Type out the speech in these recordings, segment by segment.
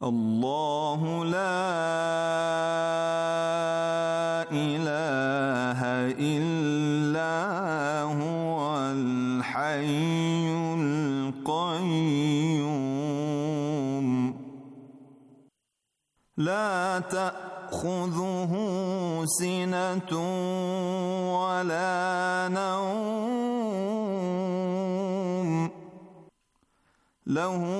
الله لا إله إلا هو الحي القيوم لا تأخذه سنة ولا نوم له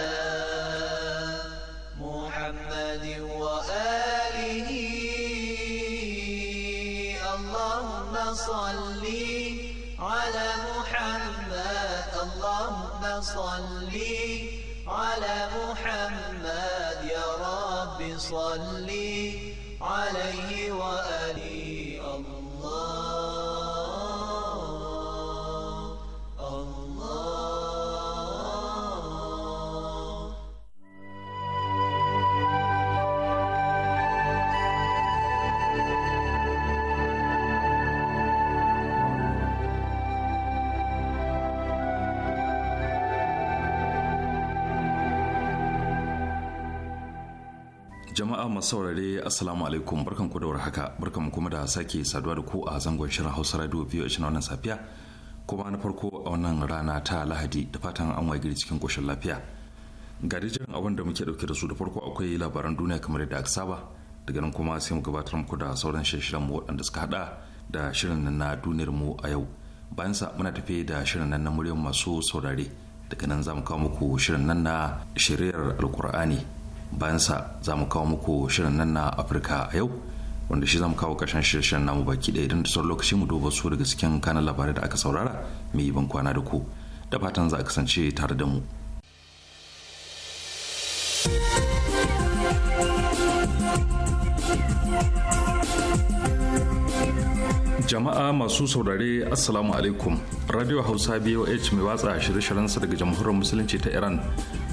صلي على محمد يا رب صلي عليه وآله masu saurare assalamu alaikum barkan ku da warhaka barkan kuma da sake saduwa da ku a zangon shirin hausa radio biyu a wannan safiya kuma na farko a wannan rana ta lahadi da fatan an waye cikin koshin lafiya ga dijirin abin da muke dauke da su da farko akwai labaran duniya kamar yadda aka saba daga nan kuma sai mu gabatar muku da sauran shirin mu waɗanda suka hada da shirin nan na duniyar mu a yau bayan sa muna tafe da shirin nan na muryar masu saurare daga nan za mu kawo muku shirin nan na shiriyar alkur'ani bayansa za mu kawo muku shirin nan na afirka a yau wanda shi za mu kawo karshen shirin namu baki ɗaya idan da sauran lokaci mu duba su daga cikin kanan labarai da aka saurara mai ban kwana da ku da fatan za a kasance tare da mu jama'a masu saurare assalamu alaikum radio hausa boh mai watsa shirye-shiryensa daga jamhuriyar musulunci ta iran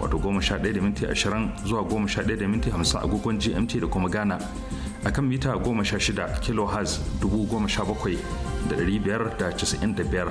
wato goma sha ɗaya da minti ashirin zuwa goma sha ɗaya da minti hamsin agogon gmt da kuma ghana akan mita goma sha shida kilohirc dubu goma sha bakwai da ɗari biyar da casa'in da biyar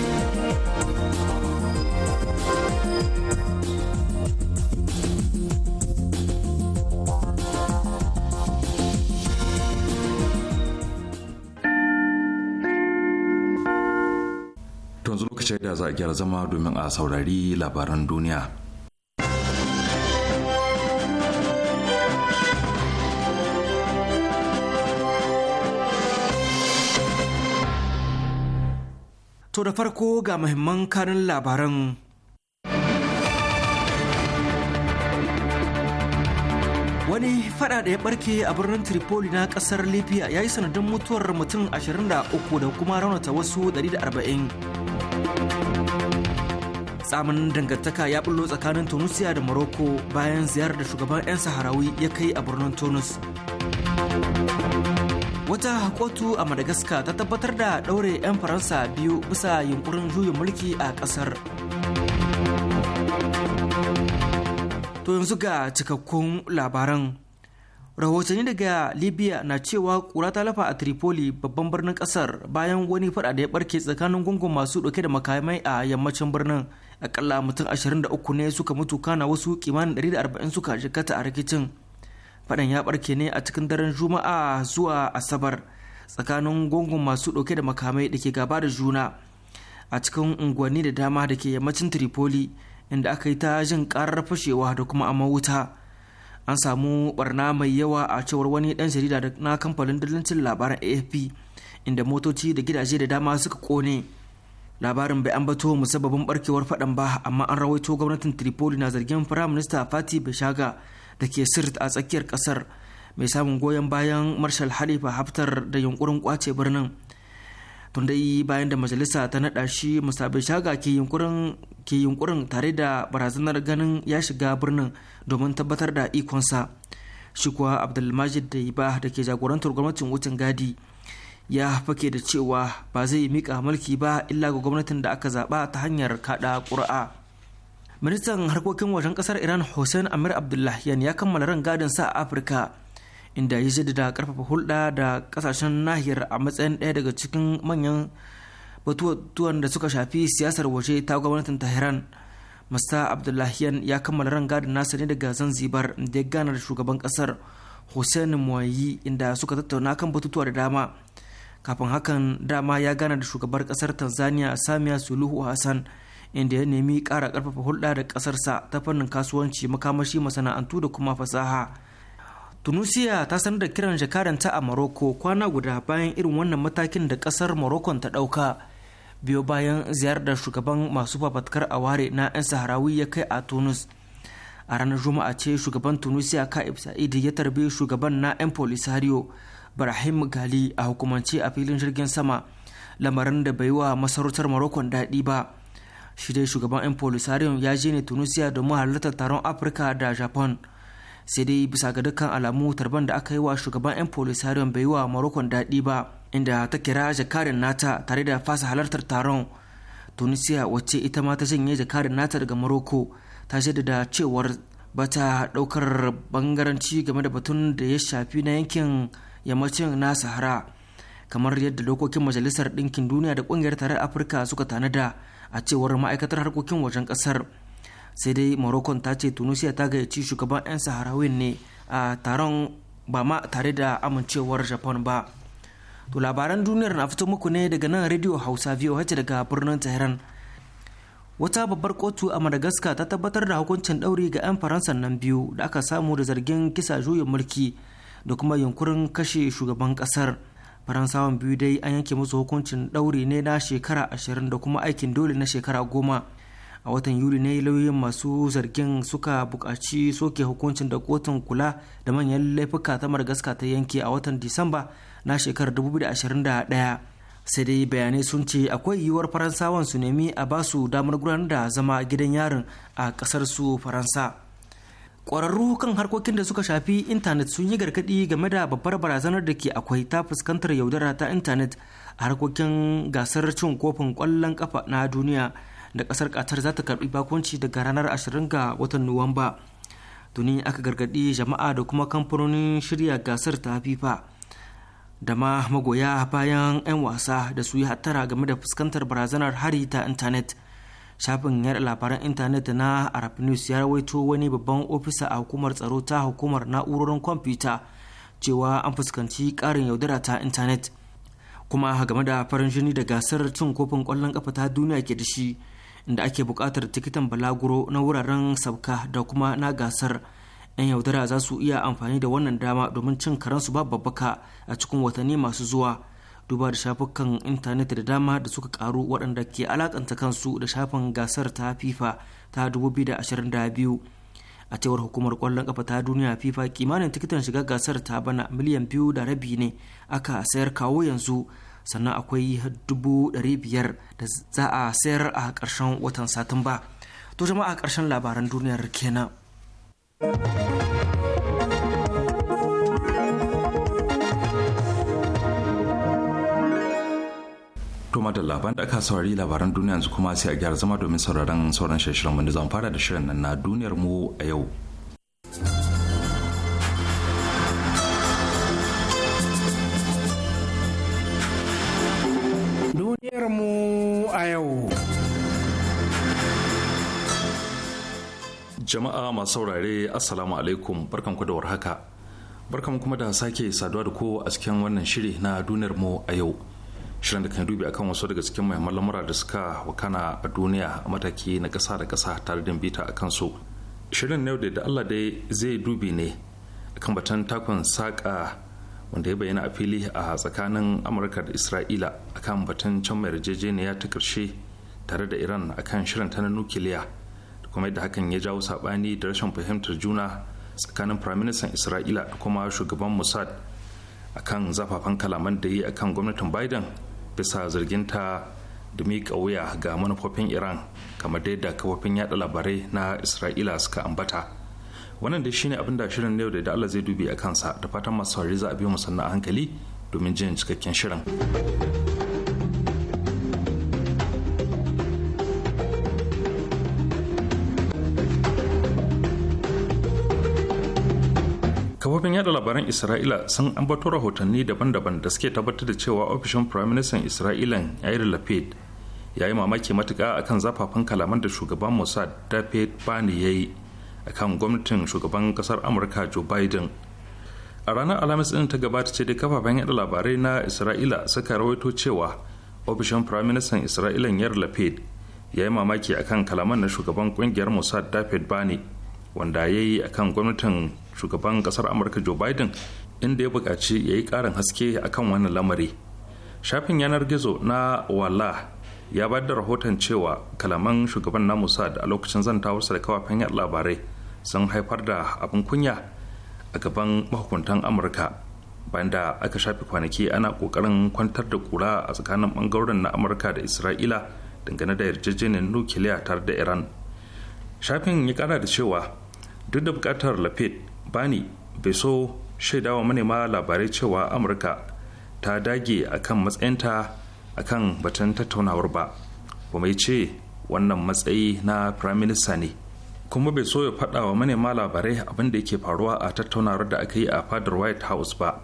lokaci da za a gyara zama domin a saurari labaran duniya. To da farko ga muhimman kanin labaran. Wani fada da ya barke a birnin Tripoli na kasar Libya ya yi sanadin mutuwar mutum 23 da kuma raunata wasu 140. tsamin dangantaka ya bullo tsakanin tunisia da morocco bayan ziyarar da shugaban 'yan saharawi ya kai a birnin tunis wata kotu a madagascar ta tabbatar da ɗaure 'yan faransa biyu bisa yunkurin juyin mulki a ƙasar to yanzu ga cikakkun labaran rahotanni daga libya na cewa kura ta lafa a tripoli babban birnin kasar bayan wani fada da ya barke tsakanin gungun masu dauke da makamai a yammacin birnin akalla mutum 23 ne suka mutu kana wasu kimanin 140 suka jikata a rikicin fadan ya barke ne a cikin daren juma'a zuwa asabar tsakanin gungun masu dauke da makamai da ke gaba da juna a cikin unguwanni da dama da ke yammacin tripoli inda aka yi ta jin karar fashewa da kuma amma wuta an samu barna mai yawa a cewar wani dan jarida na kamfanin dillancin labaran afp inda motoci da gidaje da dama suka kone labarin bai ambato musabbabin barkewar fadan ba amma an rawaito gwamnatin tripoli na zargin firaminista fati bishaga da ke sirt a tsakiyar kasar mai samun goyon bayan marshal halifa haftar da yunkurin kwace birnin tun dai bayan da majalisa ta naɗa shi musabe shaga ke yunkurin ke yunkurin tare da barazanar ganin ya shiga birnin domin tabbatar da ikonsa shi kuwa abdulmajid da ba da ke jagorantar gwamnatin wucin gadi ya fake da cewa ba zai mika mulki ba illa ga gwamnatin da aka zaba ta hanyar kaɗa ƙuri'a ministan harkokin wajen ƙasar iran hussein amir abdullahiyan ya kammala ran gadin sa a afirka inda ya da karfafa hulɗa da kasashen nahiyar a matsayin ɗaya daga cikin manyan batutuwan da suka shafi siyasar waje ta gwamnatin tehran musta abdullahiyan ya kammala rangadin nasa ne daga zanzibar da ya gana da shugaban kasar hussein muwayi inda suka tattauna kan batutuwa da dama kafin hakan dama ya gana da shugabar kasar tanzania samiya suluhu hassan inda ya nemi ƙara ƙarfafa hulɗa da ƙasarsa ta fannin kasuwanci makamashi masana'antu da kuma fasaha tunisia ta sanar da kiran jakaranta a morocco kwana guda bayan irin wannan matakin da kasar morocco ta dauka biyo bayan ziyarar da shugaban masu fafatkar aware na 'yan saharawi ya kai a tunis a ranar juma'a ce shugaban tunisia ka'ib sa'idi ya tarbi shugaban na 'yan polisario barahim gali a hukumance a filin jirgin sama lamarin da bai wa masarautar morocco daɗi ba shi dai shugaban 'yan polisario ya je ne tunisia domin halartar taron afirka da japan sai dai bisa ga dukkan alamu tarban da aka yi wa shugaban 'yan polisarion bai yi wa marokon daɗi ba inda ta kira jakarin nata tare da fasa halartar taron tunisia wacce ita ma ta janye jakarin nata daga maroko ta da cewar bata ɗaukar bangaranci game da batun da ya shafi na yankin yammacin na sahara kamar yadda dokokin majalisar ɗinkin duniya da ƙungiyar tare afirka suka tanada a cewar ma'aikatar harkokin wajen ƙasar sai dai morocco ta ce tunisia ta gayyaci shugaban 'yan saharawin ne a taron ba ma tare da amincewar japan ba to labaran duniyar na fito muku ne daga nan radio hausa voh daga birnin tehran wata babbar kotu a madagascar ta tabbatar da hukuncin ɗauri ga 'yan faransa nan biyu da aka samu da zargin kisa juyin mulki da kuma yunkurin kashe shugaban kasar faransawan biyu dai an yanke musu hukuncin ɗauri ne na shekara ashirin da kuma aikin dole na shekara goma a watan yuli ne lauyoyin masu zargin suka bukaci soke hukuncin da kotun kula da manyan laifuka ta margaska ta yanke a watan disamba na shekarar 2021 sai dai bayanai sun ce akwai yiwuwar faransawan su nemi a basu damar gudanar da zama gidan yarin a ƙasar su faransa kwararru kan harkokin da suka shafi intanet sun yi gargaɗi game da babbar barazanar da ke akwai ta fuskantar yaudara ta intanet a harkokin gasar cin kofin kwallon kafa na duniya da kasar katar za ta karbi bakunci daga ranar 20 ga watan nuwamba tuni aka gargadi jama'a da kuma kamfanonin shirya gasar ta fifa da ma magoya bayan 'yan wasa da su yi hattara game da fuskantar barazanar hari ta intanet shafin yada labaran intanet na arab news ya rawaito wani babban ofisa a hukumar tsaro ta hukumar na'urorin kwamfuta cewa an fuskanci karin yaudara ta intanet kuma game da farin jini da gasar cin kofin kwallon kafa ta duniya ke da shi inda ake buƙatar tikitan balaguro na wuraren sabka da kuma na gasar 'yan yaudara za su iya amfani da wannan dama domin cin karansu ba babbaka a cikin watanni masu zuwa duba da shafukan intanet da dama da suka karu waɗanda ke alakanta kansu da shafin gasar ta fifa ta 2022 a cewar hukumar kwallon kafa ta duniya fifa kimanin tikitan shiga gasar ta bana miliyan biyu da rabi ne aka sayar kawo yanzu sannan akwai dubu dari biyar da za a sayar a ƙarshen watan satumba to jama'a ƙarshen labaran duniyar kenan kuma da labaran da aka saurari labaran duniya yanzu kuma sai a gyara zama domin sauraron sauran shirin wanda zan fara da shirin nan na duniyar mu a yau. jama'a masu saurare assalamu alaikum barkan ku da warhaka barkan kuma da sake saduwa da ko a cikin wannan shiri na duniyar mu a yau shirin da kan dubi akan wasu daga cikin muhimman lamura da suka wakana a duniya a mataki na kasa da kasa tare da bita a kansu shirin yau da Allah dai zai dubi ne akan batun takon saƙa wanda ya bayyana a fili a tsakanin amurka da isra'ila akan batun can mai yarjejeniya ta karshe tare da iran akan shirin ta na nukiliya kuma yadda hakan ya jawo saɓani da rashin fahimtar juna tsakanin firaministan isra'ila da kuma shugaban mossad akan zafafan kalaman da yi akan gwamnatin biden bisa zarginta da miƙa wuya ga manufofin iran kamar da kafofin yada labarai na isra'ila suka ambata wannan da shine abin da shirin yau da da allah zai dubi a kansa da fatan masu za a biyu musanna a hankali domin jin cikakken shirin. isra'ila sun ambato rahotanni daban-daban da suke tabbatar da cewa ofishin firaministan isra'ila yair lapid ya yi mamaki matuka akan zafafan kalaman da shugaban mossad david bani ya yi akan gwamnatin shugaban kasar amurka joe biden a ranar alhamis din ta gabata ce da kafafen yada labarai na isra'ila suka rawaito cewa ofishin firaministan isra'ila yair lapid ya yi mamaki akan kalaman na shugaban kungiyar mossad david bani wanda ya yi akan gwamnatin shugaban kasar amurka joe biden inda ya buƙaci ya yi ƙarin haske akan wannan lamari shafin yanar gizo na wala ya bayar da rahoton cewa kalaman shugaban na da a lokacin zantawarsa da kafafen yan labarai sun haifar da abin kunya a gaban mahukuntan amurka bayan da aka shafe kwanaki ana kokarin kwantar da kura a tsakanin bangaren na amurka da isra'ila dangane da yarjejeniyar nukiliya tare da iran shafin ya kara da cewa duk da bukatar lafid bani bai so shaidawa manema labarai cewa amurka ta dage akan matsayinta akan batun tattaunawar ba kuma ya ce wannan matsayi na firaminista ne kuma bai so ya faɗa wa manema labarai abinda da yake faruwa a tattaunawar da aka yi a fadar white house ba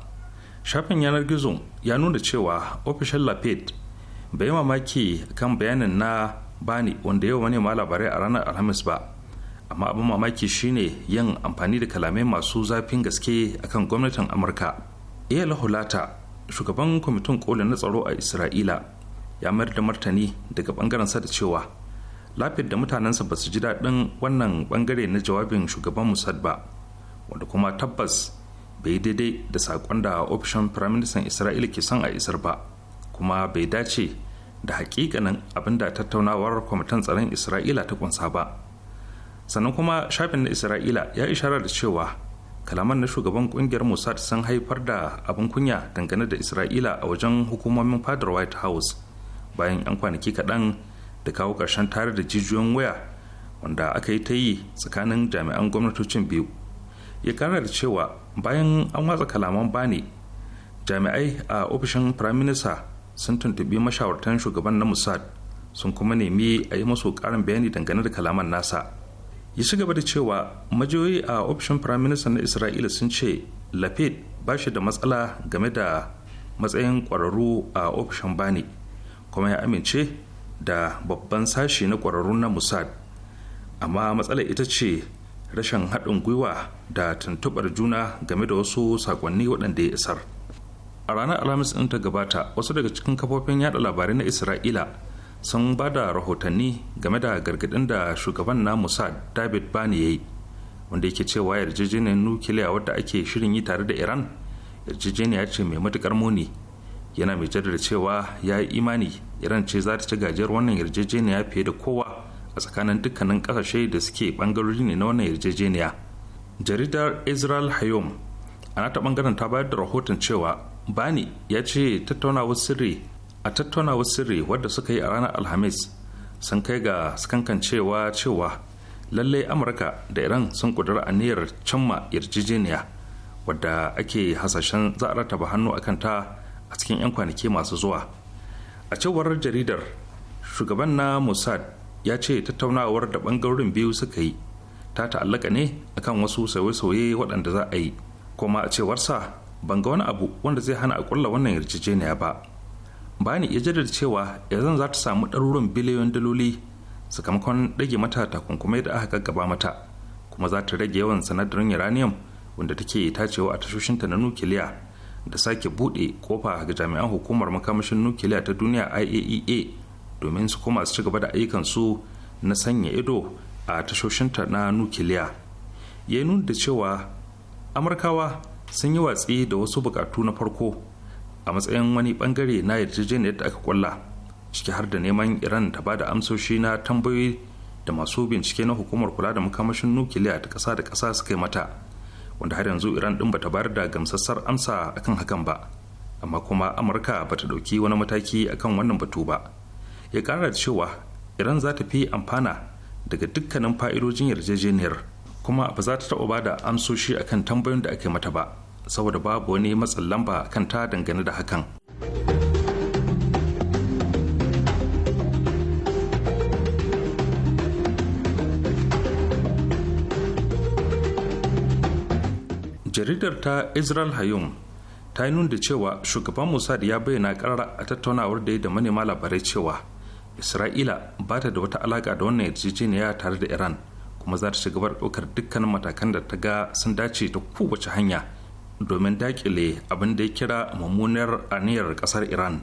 shafin yanar gizo ya nuna cewa ofishin lafayette bai mamaki kan bayanin na bani wanda yau manema labarai a ranar alhamis ba amma abin mamaki shine yin amfani da kalamai masu zafin gaske akan gwamnatin amurka iya lahulata shugaban kwamitin koli na tsaro a isra'ila ya mayar da martani daga bangaren sa da cewa lafiyar da mutanensa ba su ji daɗin wannan bangare na jawabin shugaban musad ba wanda kuma tabbas bai daidai da saƙon da ofishin firaministan isra'ila ke son a isar ba kuma bai dace da hakikanin abin da tattaunawar kwamitin tsaron isra'ila ta kunsa ba sannan kuma shafin na isra'ila ya isharar da cewa kalaman na shugaban kungiyar mossad sun haifar da abin kunya dangane da isra'ila a wajen hukumomin fadar white house bayan 'yan kwanaki kaɗan da kawo ƙarshen tare da jijiyoyin waya wanda aka yi ta yi tsakanin jami'an gwamnatocin biyu ya kara da cewa bayan an watsa kalaman bane jami'ai a ofishin firaminista sun tuntubi mashawartan shugaban na musad sun kuma nemi a yi masu ƙarin bayani dangane da kalaman nasa ya ci gaba da cewa majoyi a ofishin minister na isra'ila sun ce lapid ba shi da matsala game da matsayin kwararru a ofishin bani kuma ya amince da babban sashi na kwararru na musad amma matsala ita ce rashin haɗin gwiwa da tuntuɓar juna game da wasu sakonni waɗanda ya isar a ranar alhamis ɗin ta gabata wasu daga cikin kafofin yada labarai na isra'ila sun ba da rahotanni game da gargadin da shugaban na Mossad David Bani ya yi wanda yake cewa yarjejeniyar nukiliya wadda ake shirin yi tare da Iran yarjejeniya ce mai matukar muni yana mai jaddada cewa ya yi imani Iran ce za ta ci gajiyar wannan yarjejeniya fiye da kowa a tsakanin dukkanin kasashe da suke bangarori ne na wannan yarjejeniya jaridar Israel Hayom a ta bangaren ta bayar da rahoton cewa Bani ya ce tattaunawar sirri a tattaunawar sirri wadda suka yi a ranar alhamis sun kai ga sakankancewa cewa lallai amurka da iran sun kudura niyyar cimma yarjejeniya wadda ake hasashen za a rataba hannu a kanta a cikin 'yan kwanaki masu zuwa a cewar jaridar shugaban na mossad ya ce tattaunawar da bangarorin biyu suka yi ta ta'allaka ne akan wasu sauye-sauye waɗanda za a yi kuma a cewarsa ban ga wani abu wanda zai hana a kulla wannan yarjejeniya ba bani ya jaddada cewa yazan za ta samu ɗaruruwan biliyoyin daloli sakamakon rage mata takunkumai da aka gaba mata kuma za ta rage yawan sanadarin uranium wanda take tacewa a tashoshinta na nukiliya da sake buɗe kofa ga jami'an hukumar makamashin nukiliya ta duniya iaea e domin su koma su ci gaba da ayyukansu na sanya ido a tashoshinta na nukiliya ya nuna da cewa amurkawa sun yi watsi da wasu bukatu na farko a matsayin wani bangare na yarjejeniyar da aka kwalla ciki har da neman iran ta ba da amsoshi na tambayoyi da masu bincike na hukumar kula da makamashin nukiliya ta kasa da kasa suka yi mata wanda har yanzu iran din bata bayar da gamsassar amsa akan hakan ba amma kuma amurka bata dauki wani mataki akan wannan batu ba ya kara da cewa iran za ta fi amfana daga dukkanin fa'idojin yarjejeniyar kuma ba za ta taɓa ba da amsoshi akan tambayoyin da aka yi mata ba saboda babu wani matsin lamba kan ta dangane da hakan jaridar ta israel hayum ta yi nuna cewa shugaban mossad ya bayyana karara a tattaunawar da ya da manema labarai cewa isra'ila ba ta da wata alaka da wannan yarjejeniya tare da iran kuma za ta bar ɗaukar dukkanin matakan da ta ga sun dace ta kowace hanya domin dakile abin da ya kira mummunar aniyar kasar iran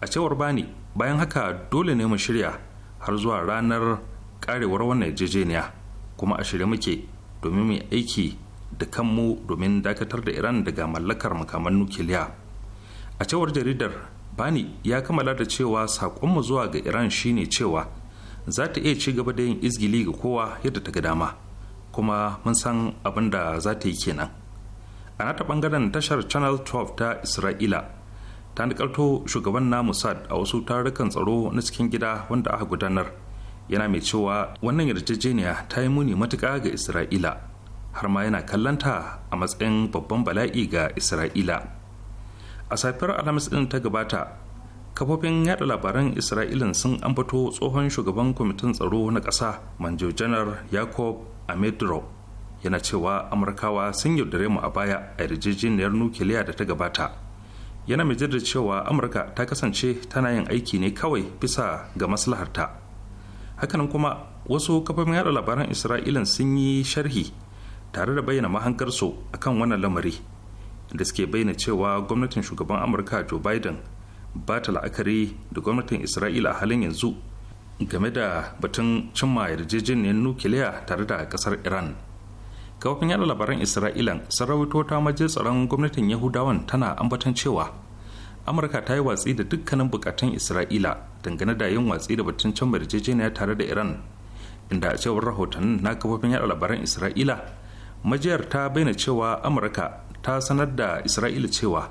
a cewar bani bayan haka dole ne mu shirya har zuwa ranar karewar wannan yarjejeniya kuma a shirya muke domin mu aiki da kanmu domin dakatar da iran daga mallakar makaman nukiliya a cewar jaridar bani ya kammala da cewa saƙonmu zuwa ga iran shine cewa za ta iya ci gaba da yin izgili ga kowa yadda ta ga dama kuma mun san abin da za ta yi kenan a nata bangaren tashar channel 12 ta isra'ila ta nikalto shugaban na musad a wasu tarukan tsaro na cikin gida wanda aka gudanar yana mai cewa wannan yarjejeniya ta yi muni matuka ga isra'ila har ma yana kallanta a matsayin babban bala'i ga isra'ila a safiyar alhamis din ta gabata kafofin yada labaran isra'ilan sun ambato tsohon shugaban kwamitin tsaro na ƙasa manjo janar yakob amedro yana cewa amurkawa sun yaudare mu a baya a yarjejeniyar nukiliya da ta gabata yana mai jirgin cewa amurka ta kasance tana yin aiki ne kawai bisa ga maslaharta hakanan kuma wasu kafofin yada labaran isra'ilan sun yi sharhi tare da bayyana mahangarsu a kan wannan lamari da suke bayyana cewa gwamnatin shugaban amurka joe biden ba ta la'akari da gwamnatin isra'ila a halin yanzu game da batun cimma yarjejeniyar nukiliya tare da kasar iran Kafafin yada labaran isra'ilan sun ta maje tsaron gwamnatin yahudawan tana ambaton cewa amurka ta yi watsi da dukkanin bukatun isra'ila dangane da yin watsi da batun can yarjejeniya tare da iran inda a cewar rahotannin na kafofin yada labaran isra'ila majiyar ta bayyana cewa amurka ta sanar da isra'ila cewa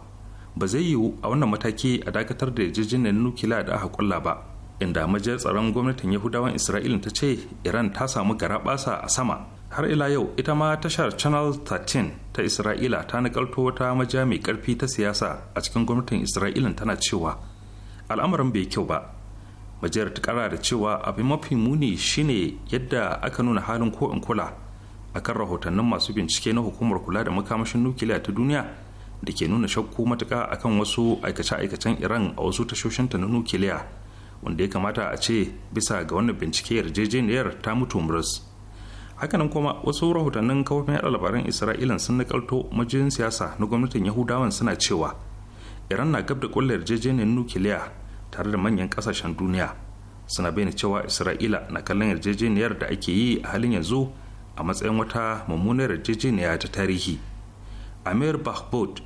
ba zai yiwu a wannan mataki a dakatar da yarjejeniyar nukila da aka kulla ba inda majiyar tsaron gwamnatin yahudawan isra'ila ta ce iran ta samu garaɓasa a sama har ila yau ita ma tashar channel 13 ta isra'ila ta nakalto wata maja mai karfi ta siyasa a cikin gwamnatin isra'ila tana cewa al'amarin bai kyau ba majiyar ta kara da cewa abin mafi muni shine yadda aka nuna halin ko in kula akan rahotannin masu bincike na hukumar kula da makamashin nukiliya ta duniya da ke nuna shakku matuka akan wasu aikace-aikacen iran a wasu tashoshin ta na nukiliya wanda ya kamata a ce bisa ga wannan bincike yarjejeniyar ta mutu murus hakanan kuma wasu rahotannin kafofin yada labaran isra'ilan sun nakalto majiyoyin siyasa na gwamnatin yahudawan suna cewa iran na gab da kulle yarjejeniyar nukiliya tare da manyan kasashen duniya suna bayyana cewa isra'ila na kallon yarjejeniyar da ake yi a halin yanzu a matsayin wata mummunar yarjejeniya ta tarihi amir bahbod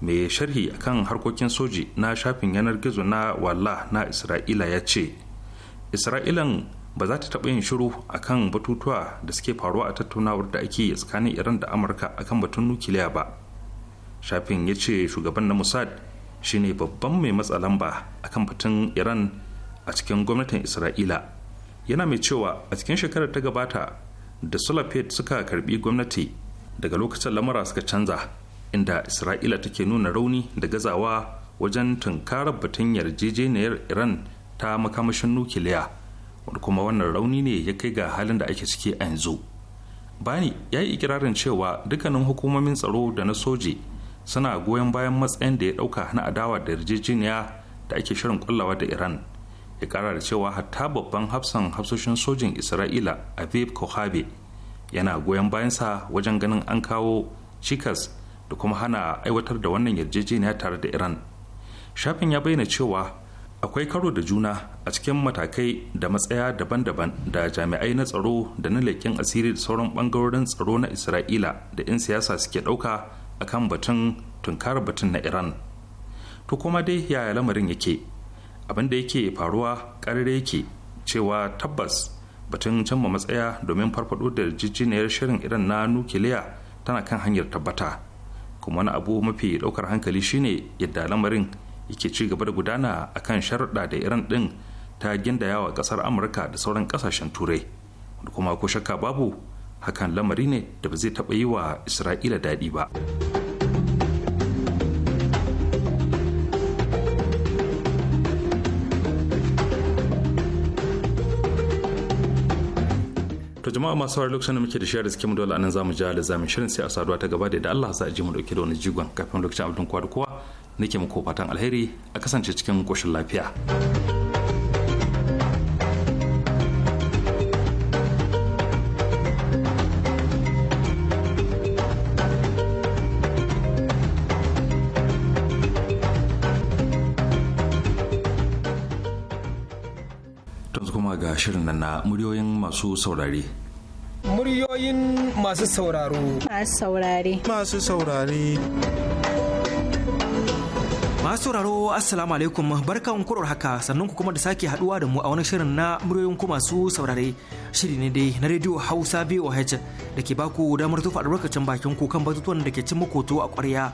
mai sharhi akan harkokin soji na shafin yanar gizo na walla na isra'ila ya ce isra'ilan ba za ta taɓa yin shiru a kan batutuwa da suke faruwa a tattaunawar da ake yi tsakanin iran da amurka a kan batun nukiliya ba shafin ya ce shugaban na shi shine babban mai matsa lamba akan batun iran a cikin gwamnatin isra'ila yana mai cewa a cikin shekarar ta gabata da sulafet suka karbi gwamnati daga lokacin lamura suka canza inda isra'ila take nuna rauni da gazawa wajen tunkarar batun yarjejeniyar iran ta makamashin nukiliya wanda kuma wannan rauni ne ya kai ga halin da ake ciki a yanzu bani ya yi ikirarin cewa dukkanin hukumomin tsaro da na soje suna goyon bayan matsayin da ya dauka na adawa da yarjejeniya da ake shirin kullawa da iran ya kara da cewa hatta babban hafsan hafsoshin sojin isra'ila aviv kohabe yana goyon bayansa wajen ganin an kawo cikas da kuma hana aiwatar da wannan yarjejeniya tare da iran shafin ya bayyana cewa akwai karo da juna a cikin matakai da matsaya daban-daban da jami'ai na tsaro da na leken asiri da sauran ɓangarorin tsaro na isra'ila da 'yan siyasa suke ɗauka a kan batun tunkar batun na iran to kuma dai yaya lamarin yake abinda da yake faruwa ƙarare yake cewa tabbas batun canma matsaya domin farfaɗo da jijjiniyar shirin iran na nukiliya tana kan hanyar tabbata kuma wani abu mafi ɗaukar hankali shine yadda lamarin yake ci gaba da gudana akan sharuɗa da iran ɗin ta wa kasar amurka da sauran kasashen turai wanda kuma ko shakka babu hakan lamari ne da ba zai taɓa yi wa isra'ila daɗi ba to jama'a masu saurari lokacin da muke da shayar da suke dole anan zamu ji da zamin shirin sai a saduwa ta gaba da da Allah za a ji mu dauke da wani jigon kafin lokacin abin kwa da kowa nake muku fatan alheri a kasance cikin koshin lafiya. nan na muryoyin masu saurare. Muryoyin masu sauraro. Masu saurare. Masu saurare. masu sauraro assalamu alaikum barkan kurar haka sannan ku kuma da sake haduwa da mu a wani shirin na muryoyin ku masu saurare shiri ne dai na rediyo hausa BOH da ke baku damar tufa albarkacin bakin ku kan batutuwan da ke cin makoto a kwarya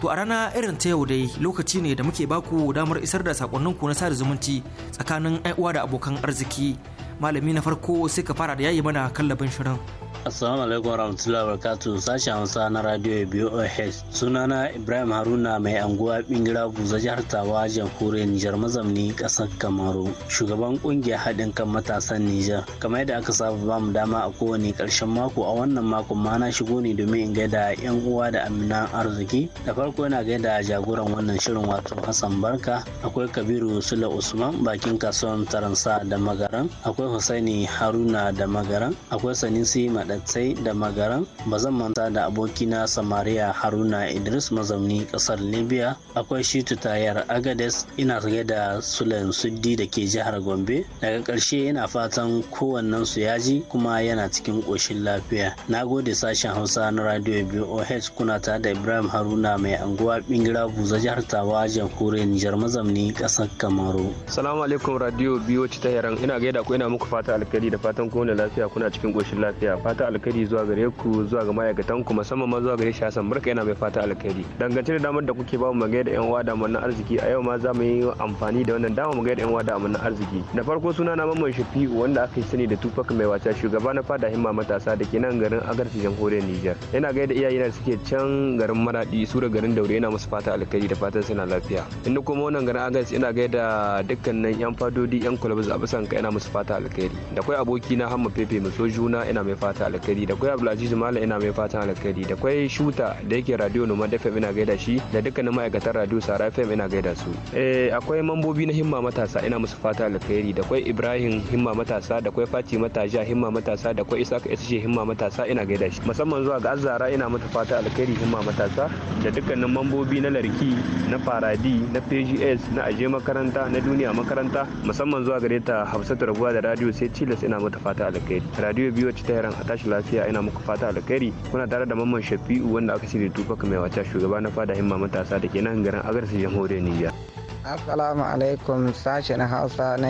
to a rana irin ta yau dai lokaci ne da muke baku damar isar da sakonnin na sada zumunci tsakanin uwa da abokan arziki malami na farko sai ka fara da yayi mana kallabin shirin Assalamu alaikum wa barakatu sashen Hausa na radio BOH. Sunana Ibrahim Haruna mai anguwa Bingira Buza jihar Tawa jamhuriyar Nijar mazamni kasar Kamaru. Shugaban kungiyar haɗin kan matasan Nijar. Kamar yadda aka saba ba mu dama a kowane ƙarshen mako a wannan makon ma na shigo ne domin in gaida yan uwa da amina arziki. Da farko yana gaida jagoran wannan shirin wato Hassan Barka. Akwai Kabiru Sula Usman bakin kasuwar Taransa da Magaran. Akwai Hussaini Haruna da Magaran. Akwai Sanisi madatsai da magaran ba zan manta da abokina samariya haruna idris mazauni kasar libya akwai shitu tayar agades ina rage da sulayen suddi da ke jihar gombe daga karshe ina fatan kowannen su yaji kuma yana cikin ƙoshin lafiya na gode sashen hausa na radio boh kuna ta da ibrahim haruna mai anguwa bingira buza jihar tawa jamhuriyar nijar mazauni kasar kamaru salamu alaikum radio boh ta ina gaida ku ina muku fata alkali da fatan kowane lafiya kuna cikin ƙoshin lafiya fata fata alkhairi zuwa gare ku zuwa ga ma'aikatan ku musamman ma zuwa gare shi Hassan Barka yana mai fata alkhairi dangance da damar da kuke ba mu magana da yan uwa da mun arziki a yau ma za mu yi amfani da wannan damar magana da yan uwa da mun arziki da farko suna na Mamman shafi wanda aka yi sani da Tupac mai wata shugaba na fada himma matasa da ke nan garin Agarci jamhuriyar Nijar yana gaida iyayen da suke can garin Maradi su da garin Daure yana musu fata alkhairi da fatan suna lafiya inda kuma wannan garin Agarci yana gaida dukkanin yan fadodi yan kulubus a bisan ka yana musu fata alkhairi da kai aboki na Hamma Pepe Muso Juna mai fata alkhairi da kwai abdulaziz malam ina mai fatan alkhairi da kwai shuta da yake radio noma da ina gaida shi da dukkanin ma'aikatan radio sara fm ina gaida su eh akwai mambobi na himma matasa ina musu fata alkhairi da kwai ibrahim himma matasa da kwai fati mataja himma matasa da kwai isaka shi himma matasa ina gaida shi musamman zuwa ga azara ina mata fata alkhairi himma matasa da dukkanin mambobi na larki na faradi na pgs na aje makaranta na duniya makaranta musamman zuwa ga ta hafsatu rabuwa da radio sai cilas ina mata fata alkhairi radio biyu ta yaran tashi lafiya ina muku fata alkhairi kuna tare da mamman shafi'u wanda aka shirya tufa mai wata shugaba na fada himma matasa da ke nan garin agarsu jamhuriyar nijar Assalamu alaikum sashen Hausa na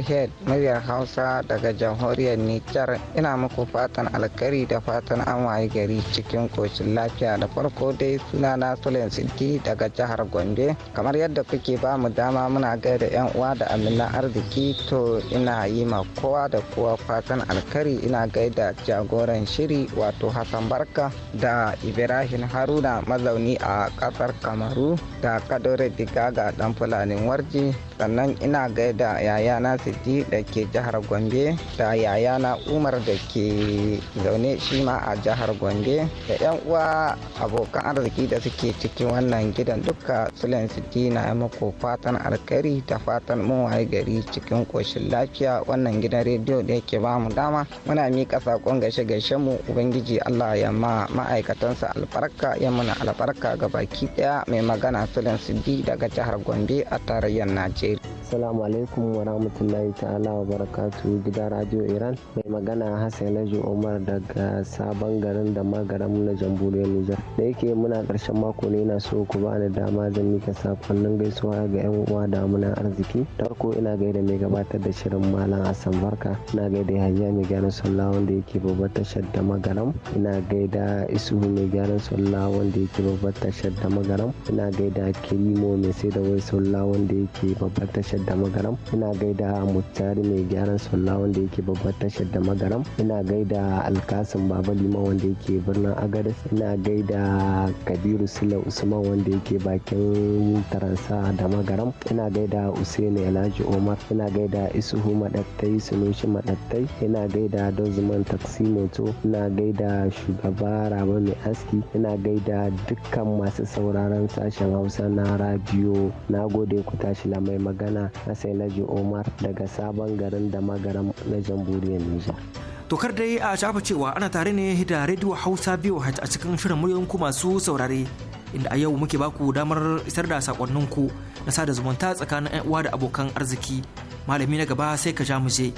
Head muryar Hausa daga jamhuriyar Nijar ina muku fatan alkari da fatan an waye gari cikin koshin lafiya da farko dai suna na Sulen Siddi daga jihar Gombe kamar yadda kuke ba mu dama muna gaida yan uwa da amina arziki to ina yi ma kowa da kowa fatan alkari ina gaida jagoran shiri wato Hassan Barka da Ibrahim Haruna mazauni a kasar Kamaru da Kadore Digaga dan fulanin warji sannan ina gaida yayana siddi da ke jihar gombe da yayana umar da ke zaune shi ma a jihar gombe da yan uwa abokan arziki da suke cikin wannan gidan duka sulen siddi na mako fatan alkari da fatan mun gari cikin koshin lafiya wannan gidan rediyo da yake ba mu dama muna miƙa saƙon gaishe gashe mu ubangiji allah ya ma ma'aikatansa albarka ya muna albarka ga baki daya mai magana sulen siddi daga jihar gombe a tarayyar najeriya alkhairi salamu alaikum wa rahmatullahi ta'ala wa barakatu gidan Radio Iran. Mai magana Hassan Lajo Umar daga sabon garin da magaram na jamhuriyar Nijar. Da yake muna karshen mako ne na so ku bani dama zan mika sakonnin gaisuwa ga yan uwa da muna arziki. Tarko ina gaida mai gabatar da shirin Malam Hassan Barka. Ina gaida Hajiya mai gyaran sallah wanda yake babbar tashar da magaram. Ina gaida Isuhu mai gyaran sallah wanda yake babbar tashar da magaram. Ina gaida Kirimo mai sai da wai sallah wanda yake babbar babbar tashar da magaram ina gaida muttari mai gyaran sulla wanda yake babbar tashar da magaram ina gaida alkasim baba lima wanda yake birnin agadas ina gaida kabiru sila usman wanda yake bakin taransa da magaram ina gaida usaini alhaji omar ina gaida isuhu madattai sunushi madattai ina gaida dozman taksi moto ina gaida shugaba raba mai aski ina gaida dukkan masu sauraron sashen hausa na radio na gode ku tashi lamai magana na Asailaji Omar daga sabon garin da magaran na jamhuriyar Nijar. Tokar dai a shafa cewa ana tare ne da rediyo Hausa biyu a cikin shirin muryoyin ku masu saurare inda a yau muke baku damar isar da sakonnin ku na sada zumunta tsakanin 'yan uwa da abokan arziki. Malami na gaba sai ka ja mu je.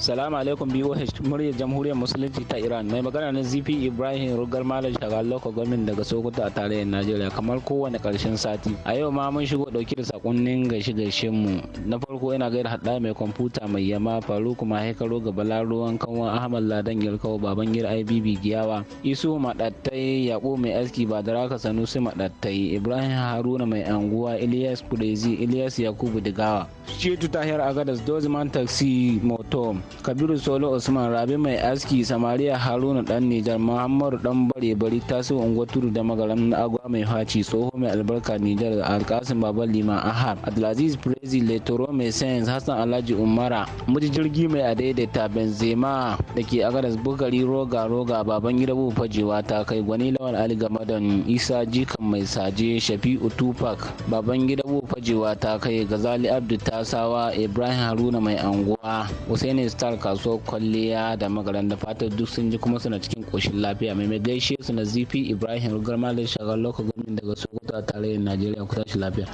Salamu alaikum BOH muryar jamhuriyar musulunci ta Iran mai magana na ZP Ibrahim Rugar Malam Shagal Loko Gomin daga Sokoto a tarayyar Najeriya kamar kowane karshen sati. A yau ma mun shigo ɗauki da sakonnin gaishe gaishen mu. Na farko yana gaida hada mai kwamfuta mai yama kuma haikaro ga Balaruwan Kanwa Ahmad Ladan Yalkawo Baban Gir IBB Giyawa. Isu Madattai yaƙo mai aski sanu Sanusi Madattai Ibrahim Haruna mai anguwa Ilyas Kurezi Ilyas Yakubu Digawa. Shetu Tahir Agadas Doziman Taxi Motor kabiru solo usman rabi mai aski samariya haruna dan nijar muhammadu dan bare bari taso unguwa tudu da magaram na agwa mai faci tsoho mai albarka nijar alkasim baban lima ahar abdulaziz prezi letoro mai sayans hassan alhaji umara muji jirgi mai adaidaita benzema da ke agadas bukari roga roga baban gida fajewa ta kai gwani lawan ali gamadan isa jikan mai saje shafi'u tupac baban gidabu fajewa ta kai gazali abdu tasawa ibrahim haruna mai anguwa husaini star kasuwar kwalliya da magaran da fatar duk sun ji kuma suna cikin koshin lafiya mai mai gaishe su na zp ibrahim rugar malam shagar lokacin daga sokoto a tarayyar najeriya kusa tashi lafiya.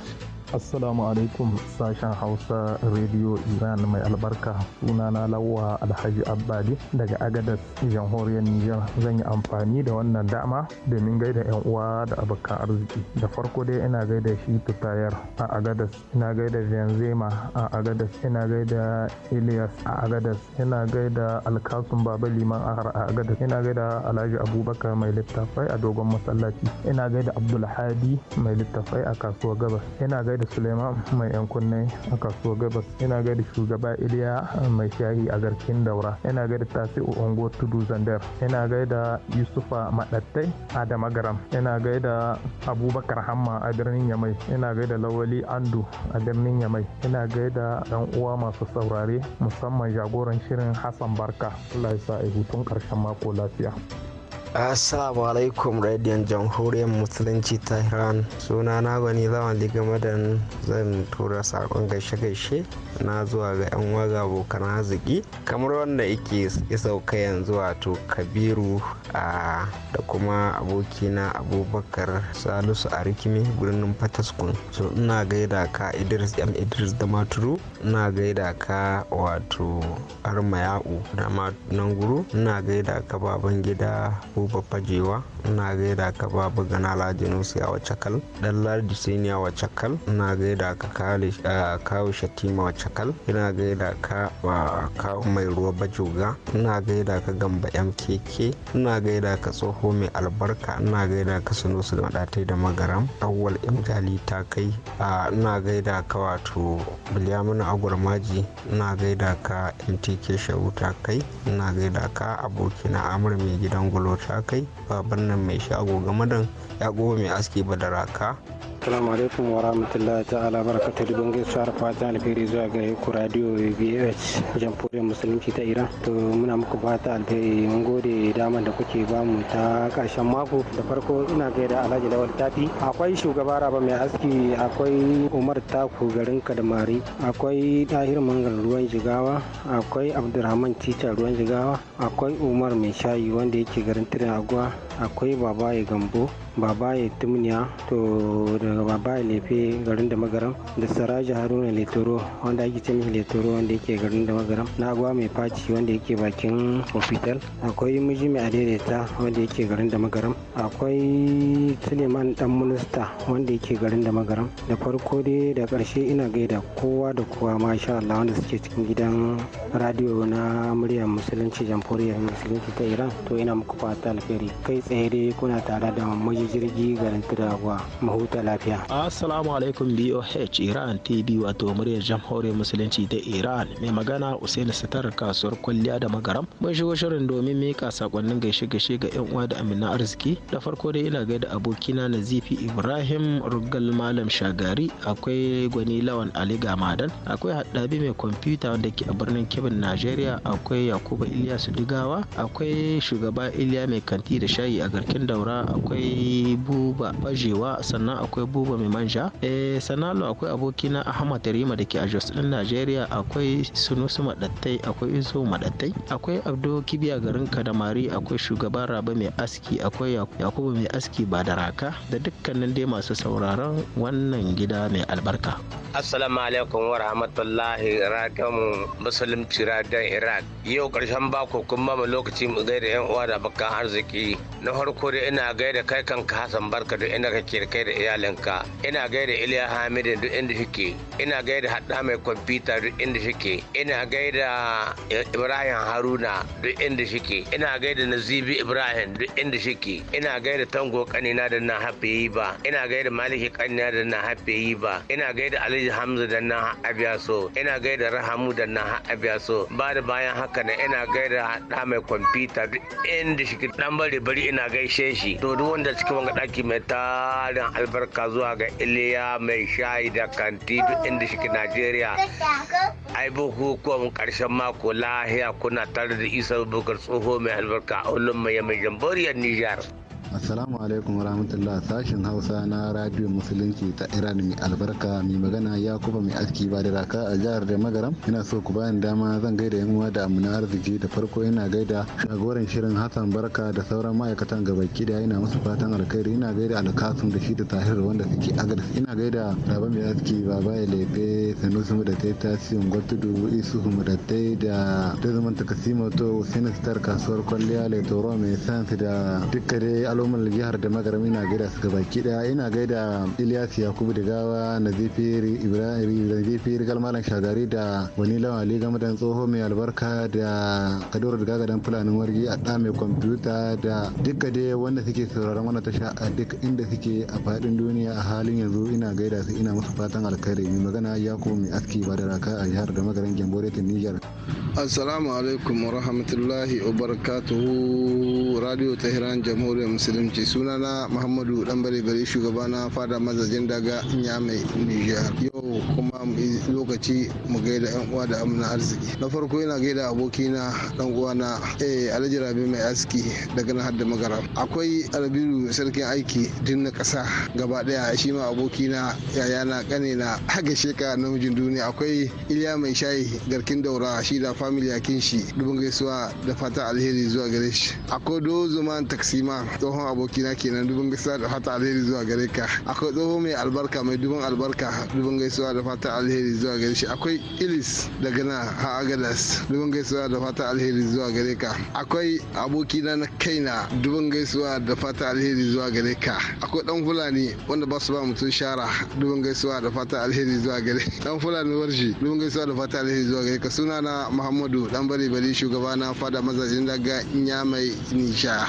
Assalamu alaikum sashen Hausa Radio Iran mai albarka sunana Lawwa Alhaji abbadi daga Agadas jamhuriyar Nijar zan yi amfani da wannan dama domin gaida yan uwa da abokan arziki da farko dai ina gaida shi tutayar a Agadas ina gaida Benzema a Agadas ina gaida Elias a Agadas ina gaida Alkasun Baba Liman Ahar a Agadas ina gaida Alhaji Abubakar mai littafai a dogon masallaci ina gaida Abdulhadi mai littafai a kasuwar gabas ina gaida gaida Suleiman mai yan kunne a kasuwar gabas. Ina gaida shugaba Iliya mai shayi a garkin daura. Ina gaida Tasi'u Ungo Tudu Zandar. Ina gaida Yusufa Madattai a garam Ina gaida Abubakar Hamma a birnin Yamai. Ina gaida Lawali Andu a birnin Yamai. Ina gaida dan uwa masu saurare musamman jagoran shirin Hassan Barka. Allah ya sa hutun karshen mako lafiya. Assalamu alaikum radiyon jamhuriyar musulunci ta Iran suna na gani zawan game da zan tura saƙon gaishe-gaishe na zuwa ga 'yan waga abokan arziki kamar wanda isa kai yanzu wato kabiru a da kuma abokina abubakar salisu a rikimi birnin fataskun so ina gaida ka idris m idris da maturu ina gaida ka wato arma ya'u da guru ina gaida ka baban gida buba fajewa ina gaida ka baba gana alhaji nusi a kal dan lardi sini a kal ina gaida ka kawo shatima a kal ina gaida ka kawo mai ruwa bajoga ina gaida ka gamba mkk ina gaida ka tsoho mai albarka ina gaida ka sunusu da da magaram awwal imgali ta kai ina gaida ka wato bilyamina gwarmaji ina gaida ka mtk shehu ta kai ina gaida ka abokina amur mai gidan gulo ta kai baban nan mai shago gamadan ya mai aski raka. assalamu alaikum wa rahmatullahi ta'ala barakatu da bangai tsara fata alheri zuwa ga ku radio bh jamhuriyar musulunci ta iran to muna muku fata alheri mun gode damar da kuke bamu ta karshen mako da farko ina gaida alhaji lawal tafi akwai shugaba raba mai haski akwai umar taku garin kadamari akwai tahir mangal ruwan jigawa akwai abdurrahman tita ruwan jigawa akwai umar mai shayi wanda yake garin tirin aguwa akwai babaye gambo ya tumniya to daga ya lefe garin da magaram da saraji haruna letoro wanda ake ce letoro wanda yake garin da magaram na agwa mai faci wanda yake bakin hospital akwai miji mai adaidaita wanda yake garin da magaram akwai suleiman dan minista wanda yake garin da magaram da farko dai da karshe ina gaida kowa da kowa masha Allah wanda suke cikin gidan radio na muryar musulunci jamhuriyar musulunci ta iran to ina muku fata alheri kai tsere kuna tare da mamaye jirgi garin Kidagwa mahuta lafiya. Assalamu alaikum BOH Iran TV wato muryar jamhuriyar musulunci ta Iran mai magana Usaini satar kasuwar kwalliya da magaram. Mun shigo shirin domin mika sakonnin gaishe-gaishe ga yan uwa da amina arziki. Da farko dai ina gaida abokina Nazifi Ibrahim Rugal Malam Shagari akwai Gwani Lawan Ali Gamadan akwai Haddabi mai kwamfuta wanda ke a birnin kebin Najeriya akwai yakuba Ilyasu Digawa akwai shugaba Iliya mai kanti da shayi a garkin Daura akwai buba fajewa sannan akwai buba mai manja eh sanalo akwai abokina ahmad rima da ke a jos din najeriya akwai sunusu madattai akwai iso madattai akwai abdo kibiya garin kadamari akwai shugaban raba mai aski akwai yakubu mai aski ba da raka da dukkanin dai masu sauraron wannan gida mai albarka assalamu alaikum wa rahmatullahi rakamu musulunci radon iraq yau karshen bako kuma mu lokaci mu gaida yan uwa da bakan arziki na farko da ina gaida kai kan ka Hassan Barka duk inda kake kai da iyalinka. Ina gaida Iliya Hamidu duk inda shike. Ina gaida Hadda mai kwamfuta duk inda shike. Ina gaida Ibrahim Haruna duk inda shike. Ina gaida Nazibi Ibrahim duk inda shike. Ina gaida Tango kanina da na hafe yi ba. Ina gaida Maliki kanina da na hafe yi ba. Ina gaida Aliyu Hamza da na abiya so. Ina gaida Rahamu da na abiya so. Ba da bayan haka na ina gaida Hadda mai kwamfuta duk inda shike. Dan bari bari ina gaishe shi. To duk wanda cikin ga ɗaki mai tarin albarka zuwa ga iliya mai shayi da kanti duk inda shi najeriya ai bukukuwan karshen mako lahiya kuna tare da isa bukar tsoho mai albarka a ulun mai yamai jamboriyar nijar assalamu alaikum rahmatullah. sashen hausa na radio musulunci ta iran mai albarka mai magana ya kuma mai aski ba da raka a jihar da magaram ina so ku bayan dama zan gaida yan uwa da amina arziki da farko ina gaida shagoran shirin hassan barka da sauran ma'aikatan gabaki da ina musu fatan alkhairi ina gaida alkasun da shi da tahir wanda suke agadis ina gaida raba mai aski baba ya lefe sanusi mu da ta tasiyon gwatudu Isu, mu da ta da ta zama takasimoto sinistar kasuwar kwalliya laitoro mai sansu da duka dai alo Lomal jihar da magaram ina gaida su baki daya ina gaida Ilyas Yakubu da gawa Nazifiri Ibrahim Galmalan Shagari da Wani Lawan Ali da Tsoho mai albarka da Kadoro da Gagadan Fulanin Wargi a da mai kwamfuta da duka dai wanda suke sauraron wannan tasha a duk inda suke a faɗin duniya a halin yanzu ina gaida su ina musu fatan alkhairi mai magana Yakubu mai aski ba da raka a jihar da magaran Gembore ta Niger. Assalamu alaikum wa rahmatullahi wa barakatuhu Radio Tehran Jamhuriyar musulunci na muhammadu dan bare bare shugaba na fada mazajen daga inya mai yau kuma lokaci mu gaida yan uwa da amina arziki na farko yana gaida abokina dan uwana eh alhaji rabi mai aski daga nan hadda magara akwai albiru sarkin aiki din na kasa gaba daya shi ma abokina yayana kane na haga sheka namijin duniya akwai iliya mai shayi garkin daura shi da family yakin shi dubin gaisuwa da fata alheri zuwa gare shi akwai man taksima tsohon tsohon abokina kenan dubin gaisuwa da fata alheri zuwa gare ka akwai tsoho mai albarka mai dubin albarka dubin gaisuwa da fata alheri zuwa gare shi akwai ilis daga na ha agadas dubin gaisuwa da fata alheri zuwa gare ka akwai abokina na kaina dubin gaisuwa da fata alheri zuwa gare ka akwai dan fulani wanda ba su ba mutum shara dubin gaisuwa da fata alheri zuwa gare dan fulani warji dubin gaisuwa da fata alheri zuwa gare ka sunana muhammadu dan bari bari shugaba na fada mazajin daga inya mai nisha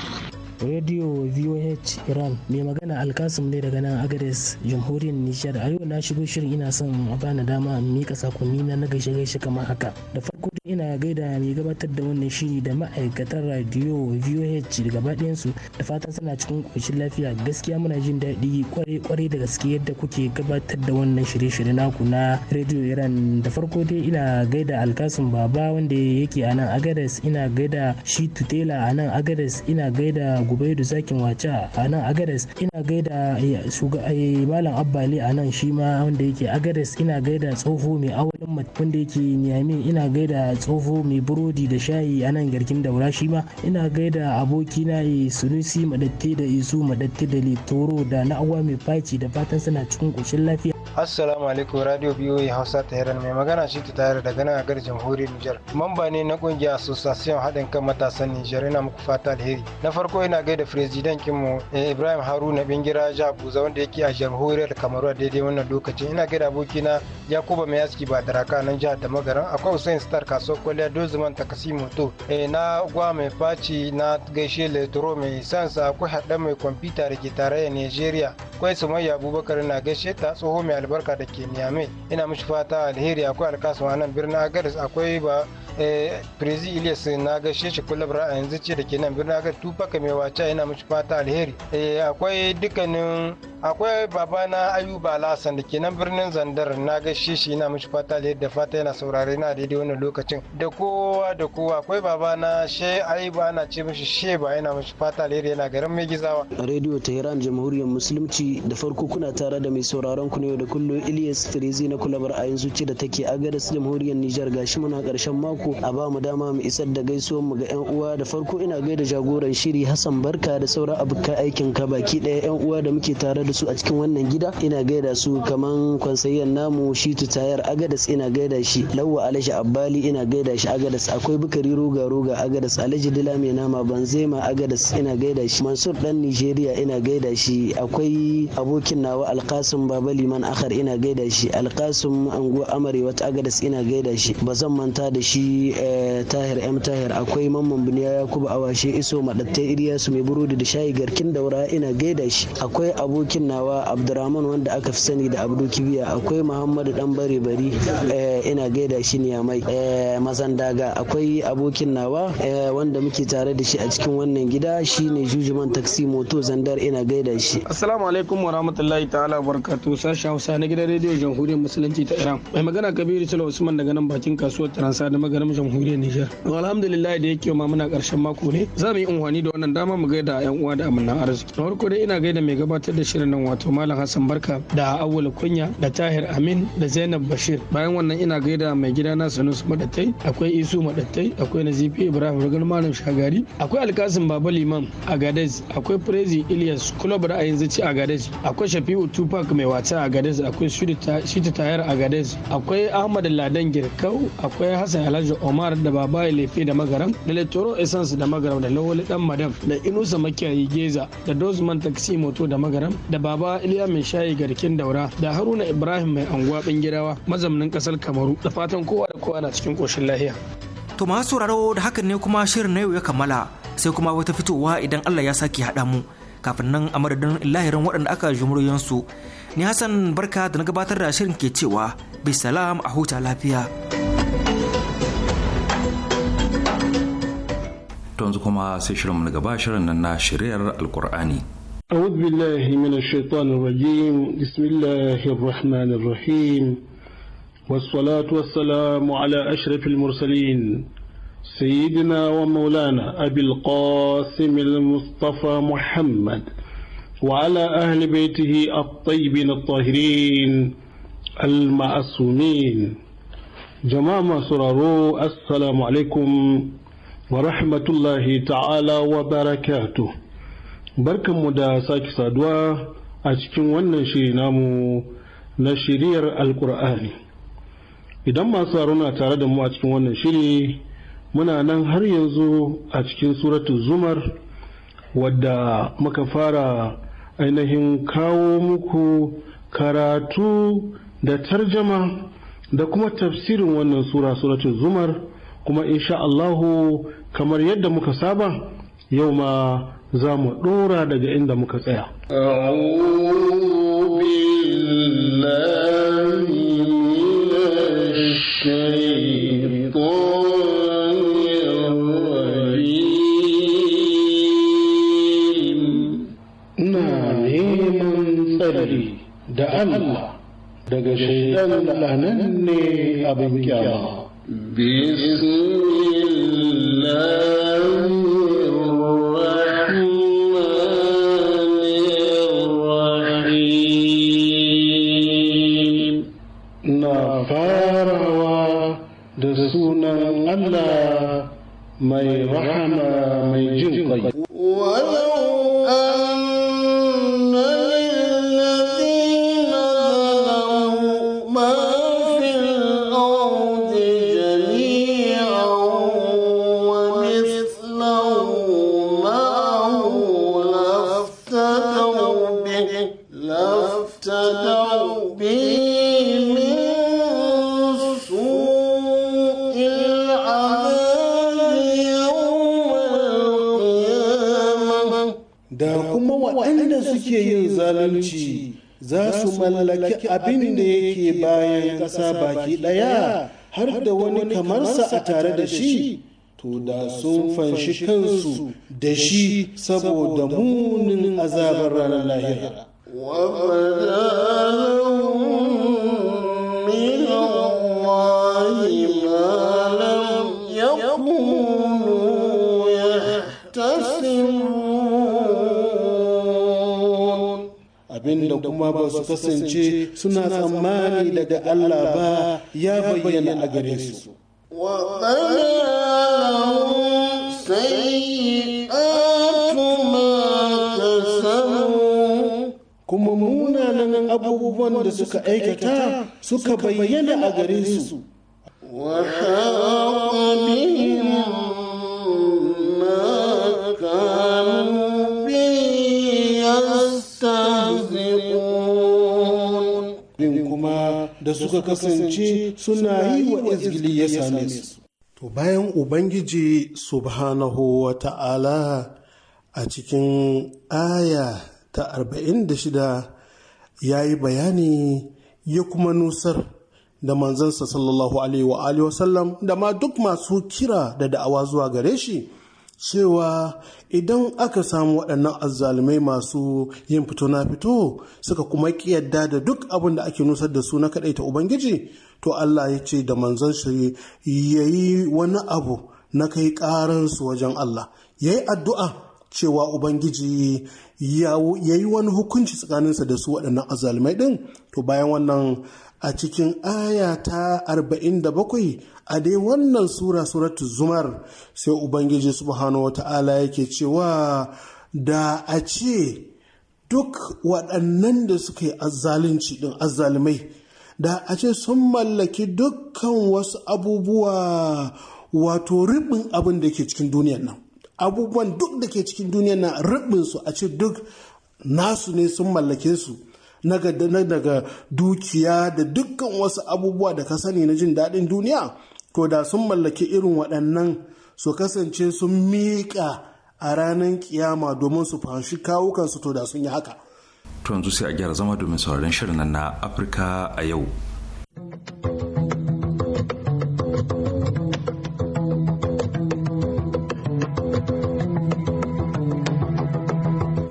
Radio VOH Iran mai magana Alkasim ne daga nan Agades Jamhuriyar Nijar. A yau na shigo shirin ina son a bani dama in mika sakonni na na gaishe gaishe kamar haka. Da farko ina gaida mai gabatar da wannan shiri da ma'aikatan radio VOH gaba su da fatan suna cikin ƙoshin lafiya gaskiya muna jin daɗi kwarai-kwarai da gaske yadda kuke gabatar da wannan shirye-shirye naku na radio Iran da farko dai ina gaida Alkasim Baba wanda yake a nan Agades ina gaida shi Tutela a nan Agades ina gaida gubaidu zakin wace a nan agares ina gaida eh, eh, malam abbali a nan shi ma wanda yake agares ina gaida tsoho mai awalin wanda yake niyami ina gaida tsoho mai burodi da shayi a nan garkin daura shi ma ina gaida abokina eh, sunusi madatte da isu madatte da litoro da na'awa mai faci da fatan suna cikin ƙoshin lafiya assalamu alaikum radio biyoyi hausa ta heran mai magana shi ta tare daga nan agar jamhuriyar nijar mamba ne na kungiyar association haɗin kan matasan nijar ina muku fata alheri na farko ina muna gaida firizidan kinmu eh, ibrahim haruna bingira jabuza wanda yake a jamhuriyar kamaru a daidai wannan lokacin ina gaida abokina yakuba mai yaski ba daraka nan jihar da magaran akwai usain star kaso kwaliya dozuman takasi moto eh, na gwa mai faci na gaishe letro mai sansa akwai haɗa mai kwamfuta da ke tarayyar nigeria akwai sumayya abubakar na gaishe ta tsoho mai albarka da ke niyame ina mishi fata alheri akwai alkasuma nan birnin agaris akwai ba Eh, prezi eh, na ga shi kullum a yanzu ce da ke nan birnin agar tufaka mai wace yana mishi fata alheri eh, akwai dukkanin akwai baba na ayuba lasan da ke nan birnin zandar na ga shi yana mishi fata alheri da fata yana saurare na daidai wannan lokacin da kowa da kowa akwai baba na she ayuba ana ce mishi she ba yana mishi fata alheri yana garin mai gizawa rediyo tehran jamhuriyar musulunci da farko kuna tare da mai sauraron ku ne da kullum ilyas prezi na kulabar a yanzu ce da take agadas jamhuriyar nijar gashi muna karshen mako a ba mu dama mu isar da gaisuwar mu ga yan uwa da farko ina gaida jagoran shiri Hassan Barka da sauran abokan aikin ka baki ɗaya yan uwa da muke tare da su a cikin wannan gida ina gaida su kaman kwansayyan namu Shitu Tayar Agadas ina gaida shi Lawwa Alhaji Abbali ina gaida shi Agadas akwai Bukari Roga Roga Agadas Alhaji Dila Mai Nama Banzema Agadas ina gaida shi Mansur dan Nigeria ina gaida shi akwai abokin nawa Alkasim Baba Liman Akhar ina gaida shi Alkasim Ango Amare wata Agadas ina gaida shi ba zan manta da shi tahir m tahir akwai mamman biniya yakubu awashe iso madattai su mai burodi da shayi garkin daura ina gaida shi akwai abokin nawa abdurrahman wanda aka fi sani da abdu kibiya akwai muhammadu dan bare bari eh, ina gaida shi ne mai eh, mazandaga akwai abokin nawa eh, wanda muke tare da shi a cikin wannan gida shine jujuman taxi moto zandar ina gaida shi assalamu alaikum wa rahmatullahi ta'ala barkatu sashen hausa na gidan rediyo jamhuriyar musulunci ta iran mai magana kabiru salo usman daga nan bakin kasuwar taransa da magana magaram jamhuriyar Nijar. Alhamdulillah da yake ma muna karshen mako ne za mu yi unhwani da wannan dama mu gaida yan uwa da amina arziki. Na farko dai ina gaida mai gabatar da shirin nan wato Malam Hassan Barka da Awul Kunya da Tahir Amin da Zainab Bashir. Bayan wannan ina gaida mai gida na Sanusi Madatai, akwai Isu madatai akwai Nazifi Ibrahim rugal Malam Shagari akwai Alkasim Baba Liman a Gadez akwai Prezi Ilyas Kulob ra'ayin zaci a Gadez akwai Shafi'u Tupac mai wata a Gadez akwai Shita Tayar a Gadez akwai Ahmad Ladan Girkau akwai Hassan Alhaji Alhaji Omar da baba Lefe da Magaram da Letoro Essence da Magaram da Lawali Dan Madam da Inusa Makiyayi Geza da Dozman Taxi Moto da Magaram da Baba Iliya Mai Shayi Garkin Daura da Haruna Ibrahim Mai Anguwa Bingirawa mazaunin kasar Kamaru da fatan kowa da kowa na cikin koshin lahiya. To masu sauraro da hakan ne kuma shirin na yau ya kammala sai kuma wata fitowa idan Allah ya sake haɗa mu kafin nan a madadin lahirin waɗanda aka su Ni Hassan Barka da na gabatar da shirin ke cewa bisalam a huta lafiya. to yanzu kuma sai shirinmu na gaba shirin na shiryar alkur'ani أعوذ بالله من الشيطان الرجيم بسم الله الرحمن الرحيم والصلاة والسلام على أشرف المرسلين سيدنا ومولانا أبي القاسم المصطفى محمد وعلى أهل بيته الطيبين الطاهرين المعصومين جماعة سرارو السلام عليكم wa rahmatullahi ta'ala wa barkan barkanmu da sake saduwa a cikin wannan shiri namu na shiriyar alkur'ani idan masu na tare da mu a cikin wannan shiri muna nan har yanzu a cikin suratu zumar wadda muka fara ainihin kawo muku karatu da tarjama da kuma tafsirin wannan sura suratun zumar kuma insha Allah kamar yadda muka saba yau ma za mu dora daga inda muka tsaya. Ina neman tsari da Allah daga shaidan la'anan ne abin kyama. بسم الله da sunan Allah mai rahama mai jin ƙai. mallaki abin da yake bayan ƙasa baki ɗaya har da wani kamar sa a tare da shi to da sun fanshi kansu da shi saboda munin azabar ranar lahira. abinda kuma ba su kasance suna tsammani daga Allah ba ya bayyana a gare su. kuma munanan abubuwan da suka aikata suka bayyana a gare su. وحاق min. da suka kasance suna yi wa izgili ya same su. To bayan Ubangiji subhanahu wa ta'ala a cikin aya ta 46 ya yi bayani ya kuma nusar da manzansa sallallahu alaihi wa sallam da ma duk masu kira da da'awa zuwa gare shi cewa idan aka samu waɗannan azzalumai masu yin fito na fito suka kuma ƙiyadda da duk abin da ake nusar da su na kaɗai ta ubangiji to Allah ya ce da manzon shi ya yi wani abu na kai ƙaransu wajen Allah ya yi addu'a cewa ubangiji ya yi wani hukunci tsakaninsa da su waɗannan azzalumai ɗin to bayan wannan a cikin aya ta 47 a dai wannan sura suratu zumar sai ubangiji subhanahu wa ta'ala yake cewa da a ce duk waɗannan da suka yi azzalunci ɗin azzalimai, da a ce sun mallaki dukkan wasu abubuwa wato ribin abin da ke cikin duniyan nan abubuwan duk da ke cikin duniyan nan ribin su a ce duk nasu ne sun mallake su daga dukiya da dukkan wasu abubuwa da ka sani na jin daɗin duniya to da sun mallaki irin waɗannan su kasance sun miƙa a ranar kiyama domin su fahimci kawukansu to da sun yi haka. To yanzu sai a gyara zama domin sauraron shirin na Afirka a yau.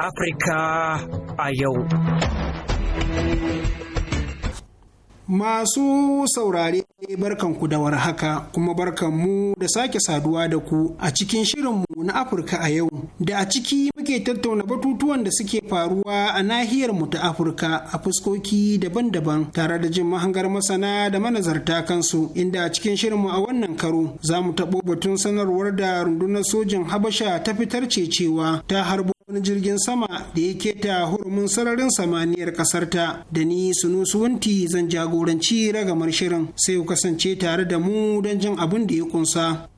Afirka a yau. Masu saurare barkan ku da warhaka kuma mu da sake saduwa da ku a cikin shirin mu na Afirka a yau da a ciki muke tattauna batutuwan da suke faruwa a nahiyar mu ta Afirka a fuskoki daban-daban tare da jin mahangar masana da manazarta kansu inda a cikin shirin mu a wannan karo za mu taɓo batun sanarwar da rundunar sojin Habasha ta fitar cewa ta harbo na jirgin sama da ya keta hurumin sararin samaniyar kasar da ni suwanti zan jagoranci ragamar shirin sai ku kasance tare da mu don jin abin da ya kunsa.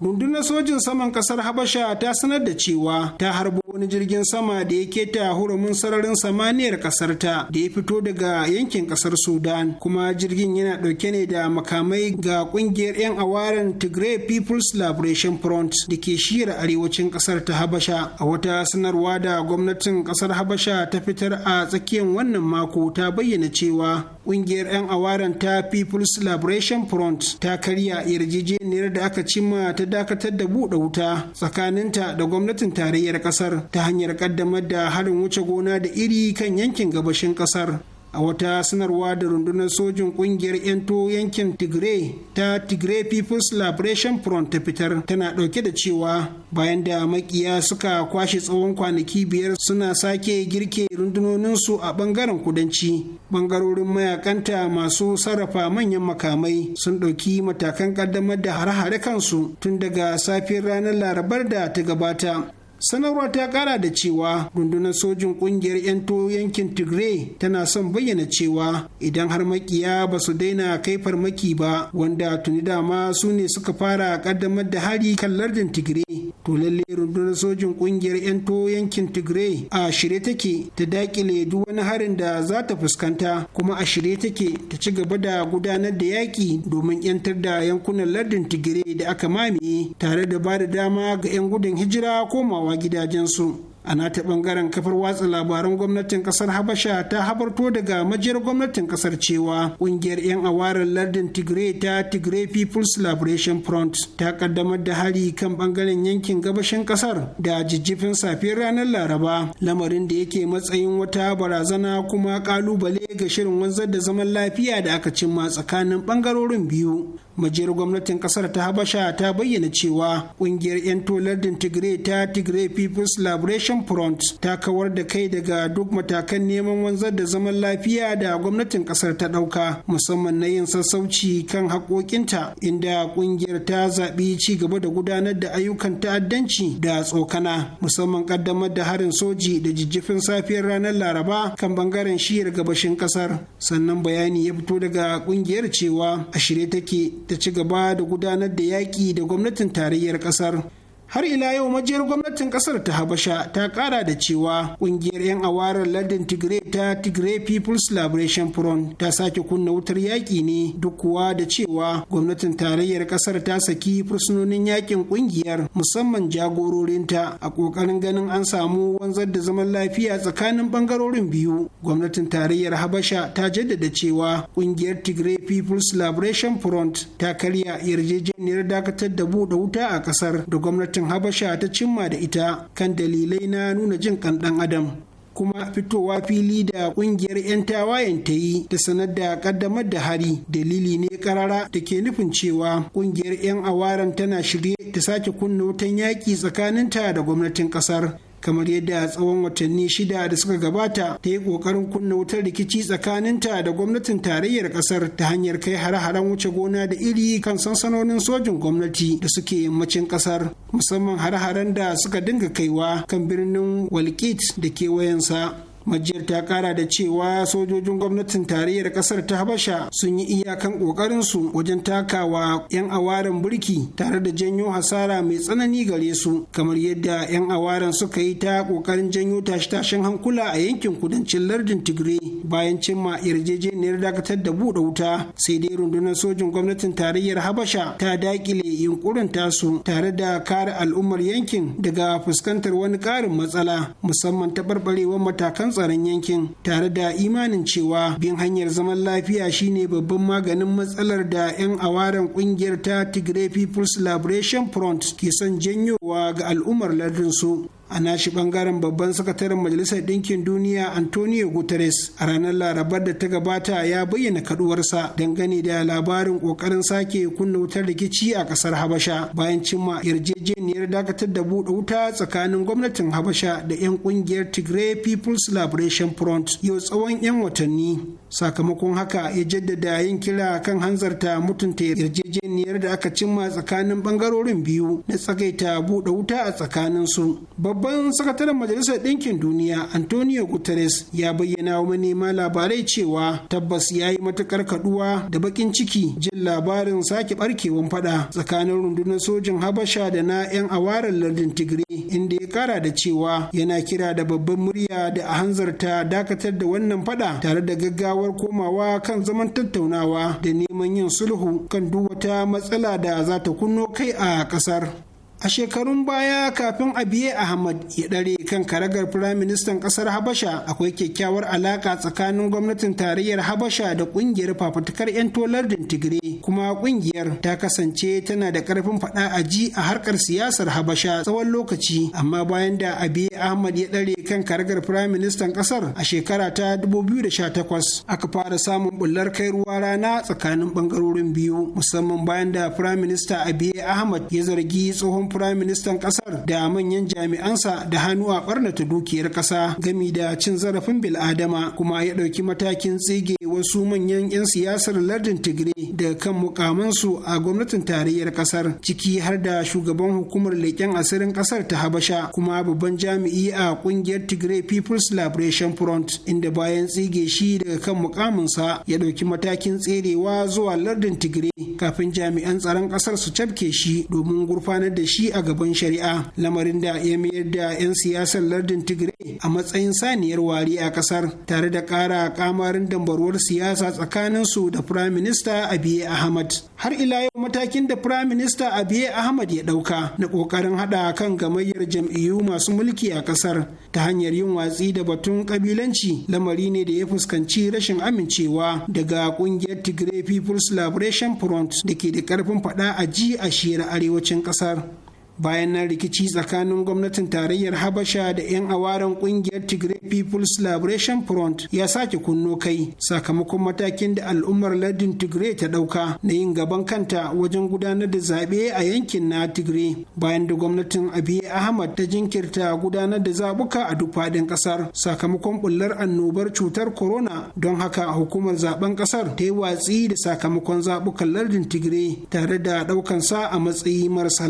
rundunar sojin saman kasar habasha ta sanar da cewa ta harbo wani jirgin sama da ya keta hurumin sararin samaniyar kasar ta da ya fito daga yankin kasar sudan kuma jirgin yana dauke ne da makamai ga kungiyar 'yan awaren tigray people's liberation front da ke shiyar arewacin kasar ta habasha a wata sanarwa da gwamnatin kasar habasha ta fitar a tsakiyar wannan mako ta bayyana cewa kungiyar 'yan awaren ta people's liberation front ta karya yarjejeniyar da aka cimma ta dakatar da buɗe wuta tsakaninta da gwamnatin tarayyar kasar ta hanyar kaddamar da harin wuce gona da iri kan yankin gabashin kasar a wata sanarwa da rundunar sojin kungiyar 'yanto yankin tigray ta tigray people's liberation front ta fitar tana dauke da cewa bayan da makiya suka kwashe tsawon kwanaki biyar suna sake girke rundunoninsu a bangaren kudanci bangarorin mayakanta masu sarrafa manyan makamai sun ɗauki matakan ƙaddamar da hare-hare kansu tun daga safiyar ranar larabar da ta gabata sanarwa ta kara da cewa rundunar sojin kungiyar 'yanto yankin tigray tana son bayyana cewa idan har makiya ba su daina kai farmaki ba wanda tuni dama su ne suka fara kaddamar da hari kan lardin tigray to lalle rundunar sojin kungiyar 'yanto yankin tigray a shirye take ta dakile duk wani harin da za ta fuskanta kuma a shirye take ta ci gaba da gudanar da yaƙi domin 'yantar da yankunan lardin tigray da aka mamaye tare da ba da dama ga 'yan gudun hijira komawa komawa gidajensu a nata bangaren kafar watsa labaran gwamnatin kasar habasha ta habarto daga majiyar gwamnatin kasar cewa kungiyar 'yan awarin lardin tigray ta tigray people's liberation front ta kaddamar da hari kan bangaren yankin gabashin kasar da jijjifin safiyar ranar laraba lamarin da yake matsayin wata barazana kuma kalubale ga shirin wanzar da zaman lafiya da aka cimma tsakanin bangarorin biyu majiyar gwamnatin kasar ta habasha ta bayyana cewa kungiyar 'yan tolardin tigray ta tigray people's liberation front ta kawar da kai daga duk matakan neman wanzar da zaman lafiya da gwamnatin kasar ta ɗauka musamman na yin sassauci kan haƙoƙinta inda kungiyar ta zaɓi ci gaba da gudanar da ayyukan ta'addanci da tsokana musamman kaddamar da harin soji da jijjifin safiyar ranar laraba kan bangaren shiyar gabashin kasar sannan bayani ya fito daga kungiyar cewa a shirye take ta ci gaba da gudanar da yaƙi da gwamnatin tarayyar ƙasar har ila yau majiyar gwamnatin kasar ta habasha ta kara da cewa kungiyar 'yan awarar ladin tigray ta tigray people's liberation front ta sake kunna wutar yaƙi ne duk kuwa da cewa gwamnatin tarayyar kasar ta saki fursunonin yakin kungiyar musamman jagororinta a ƙoƙarin ganin an samu wanzar da zaman lafiya tsakanin bangarorin biyu gwamnatin tarayyar habasha ta jaddada cewa kungiyar tigray people's liberation front ta karya yarjejeniyar dakatar da buɗe wuta a kasar da gwamnatin gwamnatin habasha ta cimma da ita kan dalilai na nuna jin ƙanɗan adam kuma fitowa fili da kungiyar 'yan tawayen ta yi da sanar da kaddamar da hari dalili ne karara da ke nufin cewa kungiyar 'yan awaran tana shirye ta sake kunna wutan yaƙi tsakaninta da gwamnatin ƙasar kamar yadda tsawon watanni shida da suka gabata ta yi kokarin kunna wutar rikici tsakaninta da gwamnatin tarayyar kasar ta hanyar kai hare-haren wuce gona da iri kan sansanonin sojin gwamnati da suke yammacin kasar musamman hare-haren da suka dinga kaiwa kan birnin walkit da kewayensa majiyar ta kara da cewa sojojin gwamnatin tarayyar kasar ta habasha sun yi iyakan kokarinsu wajen takawa 'yan awaren burki tare da janyo hasara mai tsanani gare su kamar yadda 'yan awaren suka yi ta kokarin janyo tashe-tashen hankula a yankin kudancin lardin tigray bayan cimma yarjejeniyar dakatar da buɗe wuta sai dai rundunar sojin gwamnatin tarayyar habasha ta dakile yunkurin tasu tare da kare al'ummar yankin daga fuskantar wani ƙarin matsala musamman ta taɓarɓarewar matakan tsaron yankin tare da imanin cewa bin hanyar zaman lafiya shine babban maganin matsalar da 'yan awaren kungiyar ta Tigray People's Liberation Front ke son janyowa ga al'ummar lardinsu. a nashi bangaren babban sakataren majalisar ɗinkin duniya antonio guterres a ranar larabar da ta gabata ya bayyana kaduwarsa dangane da labarin kokarin sake kunna wutar rikici a kasar habasha bayan cimma yarjejeniyar dakatar da buɗe wuta tsakanin gwamnatin habasha da 'yan kungiyar tigray people's liberation front yau tsawon 'yan watanni sakamakon haka ya jaddada yin kira kan hanzarta mutunta yarjejeniyar da aka cimma tsakanin bangarorin biyu na tsagaita buɗe wuta a tsakaninsu babban sakataren majalisar ɗinkin duniya antonio guterres ya bayyana wa manema labarai cewa tabbas ya yi matukar kaduwa da bakin ciki jin labarin sake barkewan fada tsakanin rundunar sojin habasha da na 'yan awarar lardin tigre inda ya kara da cewa yana kira da babban murya da a hanzarta dakatar da wannan fada tare da gaggawar komawa kan zaman tattaunawa da neman yin sulhu kan duk wata matsala da za ta kunno kai a kasar a shekarun baya kafin abiye ahmad ya ɗare kan karagar firaministan ƙasar habasha akwai kyakkyawar alaƙa tsakanin gwamnatin tarayyar habasha da ƙungiyar fafutukar 'yan tolardin tigre kuma ƙungiyar ta kasance tana da ƙarfin faɗa a ji a harkar siyasar habasha tsawon lokaci amma bayan da abiye ahmad ya ɗare kan karagar firaministan ƙasar a shekara ta 2018 aka fara samun bullar kai ruwa rana tsakanin ɓangarorin biyu musamman bayan da firaminista abiye ahmad ya zargi tsohon firaministan ƙasar da manyan jami'ansa da hannu a barnata dukiyar ƙasa gami da cin zarafin bil'adama kuma ya ɗauki matakin tsige wasu manyan 'yan siyasar lardin tigre da kan mukamansu a gwamnatin tarayyar ƙasar ciki har da shugaban hukumar leƙen asirin ƙasar ta habasha kuma babban jami'i a ƙungiyar tigre people's liberation front inda bayan tsige shi daga kan mukaminsa ya ɗauki matakin tserewa zuwa lardin tigre kafin jami'an tsaron ƙasar su cafke shi domin gurfanar da shi shi a gaban shari'a lamarin da ya mayar da 'yan siyasar lardin tigray a matsayin saniyar wari a kasar tare da ƙara kamarin dambarwar siyasa su da firaminista minista abiy ahmad har ila yau matakin da firaminista minista abiy ahmad ya ɗauka na ƙoƙarin haɗa kan gamayyar jam'iyyu masu mulki a kasar ta hanyar yin watsi da batun kabilanci lamari ne da ya fuskanci rashin amincewa daga ƙungiyar tigray people's liberation front da ke da ƙarfin faɗa a ji a shirin arewacin kasar. bayan nan rikici tsakanin gwamnatin tarayyar habasha da 'yan awaran kungiyar tigray people's liberation front ya sake kunno kai sakamakon matakin da al'ummar lardin tigray ta dauka na yin gaban kanta wajen gudanar da zaɓe a yankin na tigray bayan da gwamnatin abiy ahmad ta jinkirta gudanar da zaɓuka a duk faɗin ƙasar sakamakon bullar annobar cutar corona don haka hukumar zaben ƙasar ta yi watsi da sakamakon zaɓukan lardin tigray tare da ɗaukansa a matsayi marasa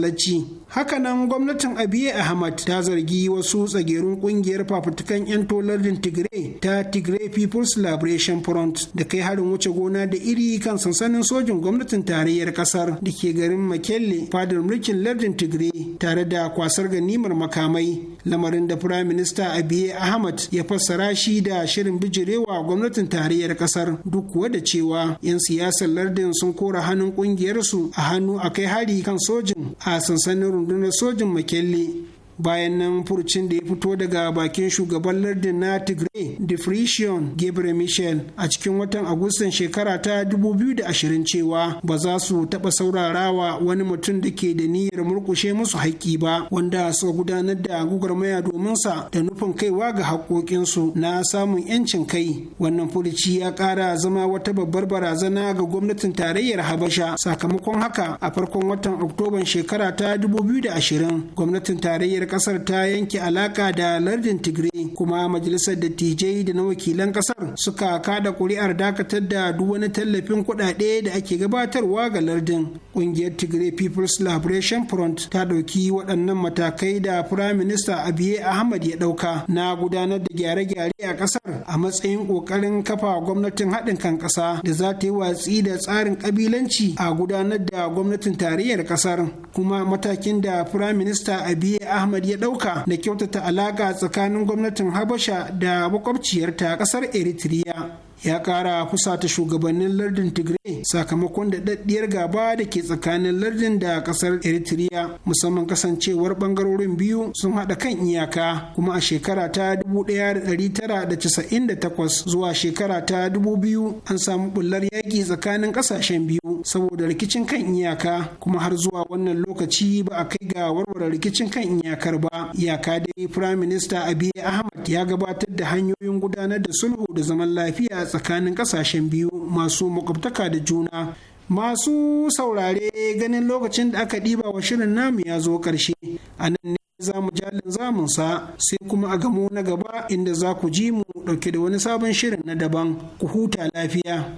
hakanan gwamnatin abiy ahmad ta zargi wasu tsagerun kungiyar fafutukan 'yan tolardin tigray ta tigray people's liberation front da kai harin wuce gona da iri kan sansanin sojin gwamnatin tarayyar kasar da ke garin makelle fadar mulkin lardin tigray tare da kwasar ganimar makamai lamarin da firayim minista Abiy ahmad ya fassara shi da shirin bijirewa gwamnatin tarayyar kasar duk kuwa da cewa 'yan siyasar lardin sun kora hannun kungiyarsu a hannu a kai hari kan sojin a sansanin rundunar sojin makelle bayan nan furcin da ya fito daga bakin shugaban lardin na tigray defricion gabriel michel a cikin watan agustan shekara ta 2020 cewa ba za su taɓa saurarawa wani mutum da ke da niyyar murkushe musu haƙƙi ba wanda suka gudanar da maya domin sa da nufin kaiwa ga haƙoƙinsu na samun 'yancin kai wannan furci ya ƙara zama wata babbar barazana ga gwamnatin tarayyar habasha sakamakon haka a farkon watan oktoban shekara ta 2020 gwamnatin tarayyar kasar ta yanke alaka da lardin tigray kuma majalisar dattijai da na wakilan kasar suka kada kuri'ar dakatar da duk wani tallafin kuɗaɗe da ake gabatarwa ga lardin ƙungiyar tigray people's liberation front ta ɗauki waɗannan matakai da prime minister abiye ahmad ya ɗauka na gudanar da gyare-gyare a ƙasar a matsayin ƙoƙarin kafa gwamnatin haɗin kan ƙasa da za ta yi watsi da tsarin ƙabilanci a gudanar da gwamnatin tarayyar ƙasar, kuma matakin da prime minister abiye ahmad muhammad ya ɗauka da kyautata alaƙa tsakanin gwamnatin habasha da makwabciyarta kasar eritrea ya kara ta shugabannin lardin tigray sakamakon da daddiyar gaba da ke tsakanin lardin da kasar eritrea musamman kasancewar bangarorin biyu sun hada kan iyaka kuma a shekara ta 1998 zuwa shekara ta 2000 an samu bullar yaƙi tsakanin kasashen biyu saboda rikicin kan iyaka kuma har zuwa wannan lokaci ba a kai ga warware rikicin kan iyakar ba iyaka dai firaminista abiy ahmad ya gabatar da hanyoyin gudanar da sulhu da zaman lafiya tsakanin kasashen biyu masu makwabtaka da juna masu saurare ganin lokacin da aka ɗiba wa shirin namu ya zo ƙarshe a nan ne za mu jalin zamunsa sai kuma a gamo na gaba inda za ku ji mu ɗauke da wani sabon shirin na daban ku huta lafiya.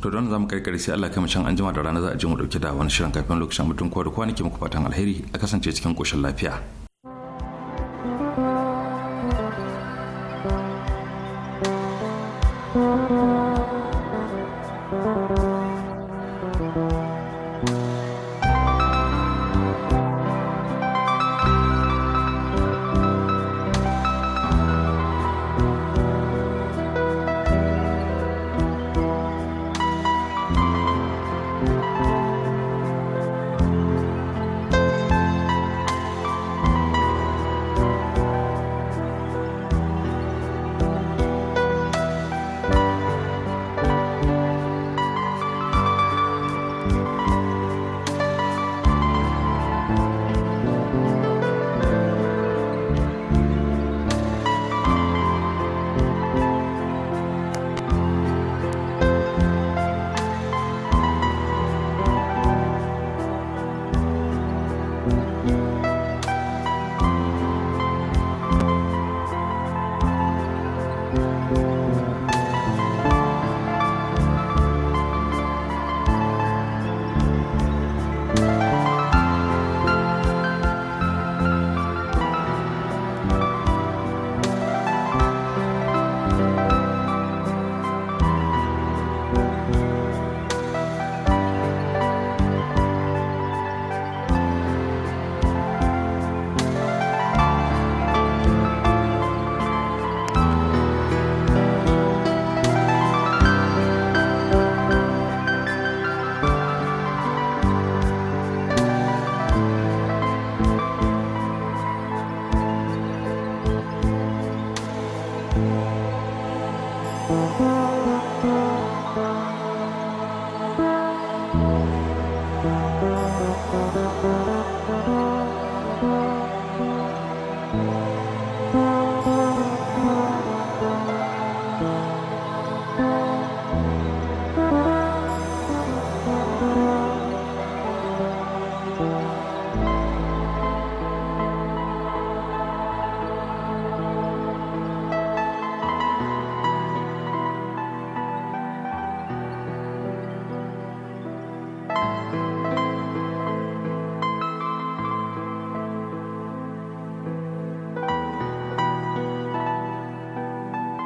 to don za mu kai sai Allah kai can anjima da rana za a ji mu dauke da wani shirin kafin lokacin mutum ko da kwanaki muku fatan alheri a kasance cikin koshin lafiya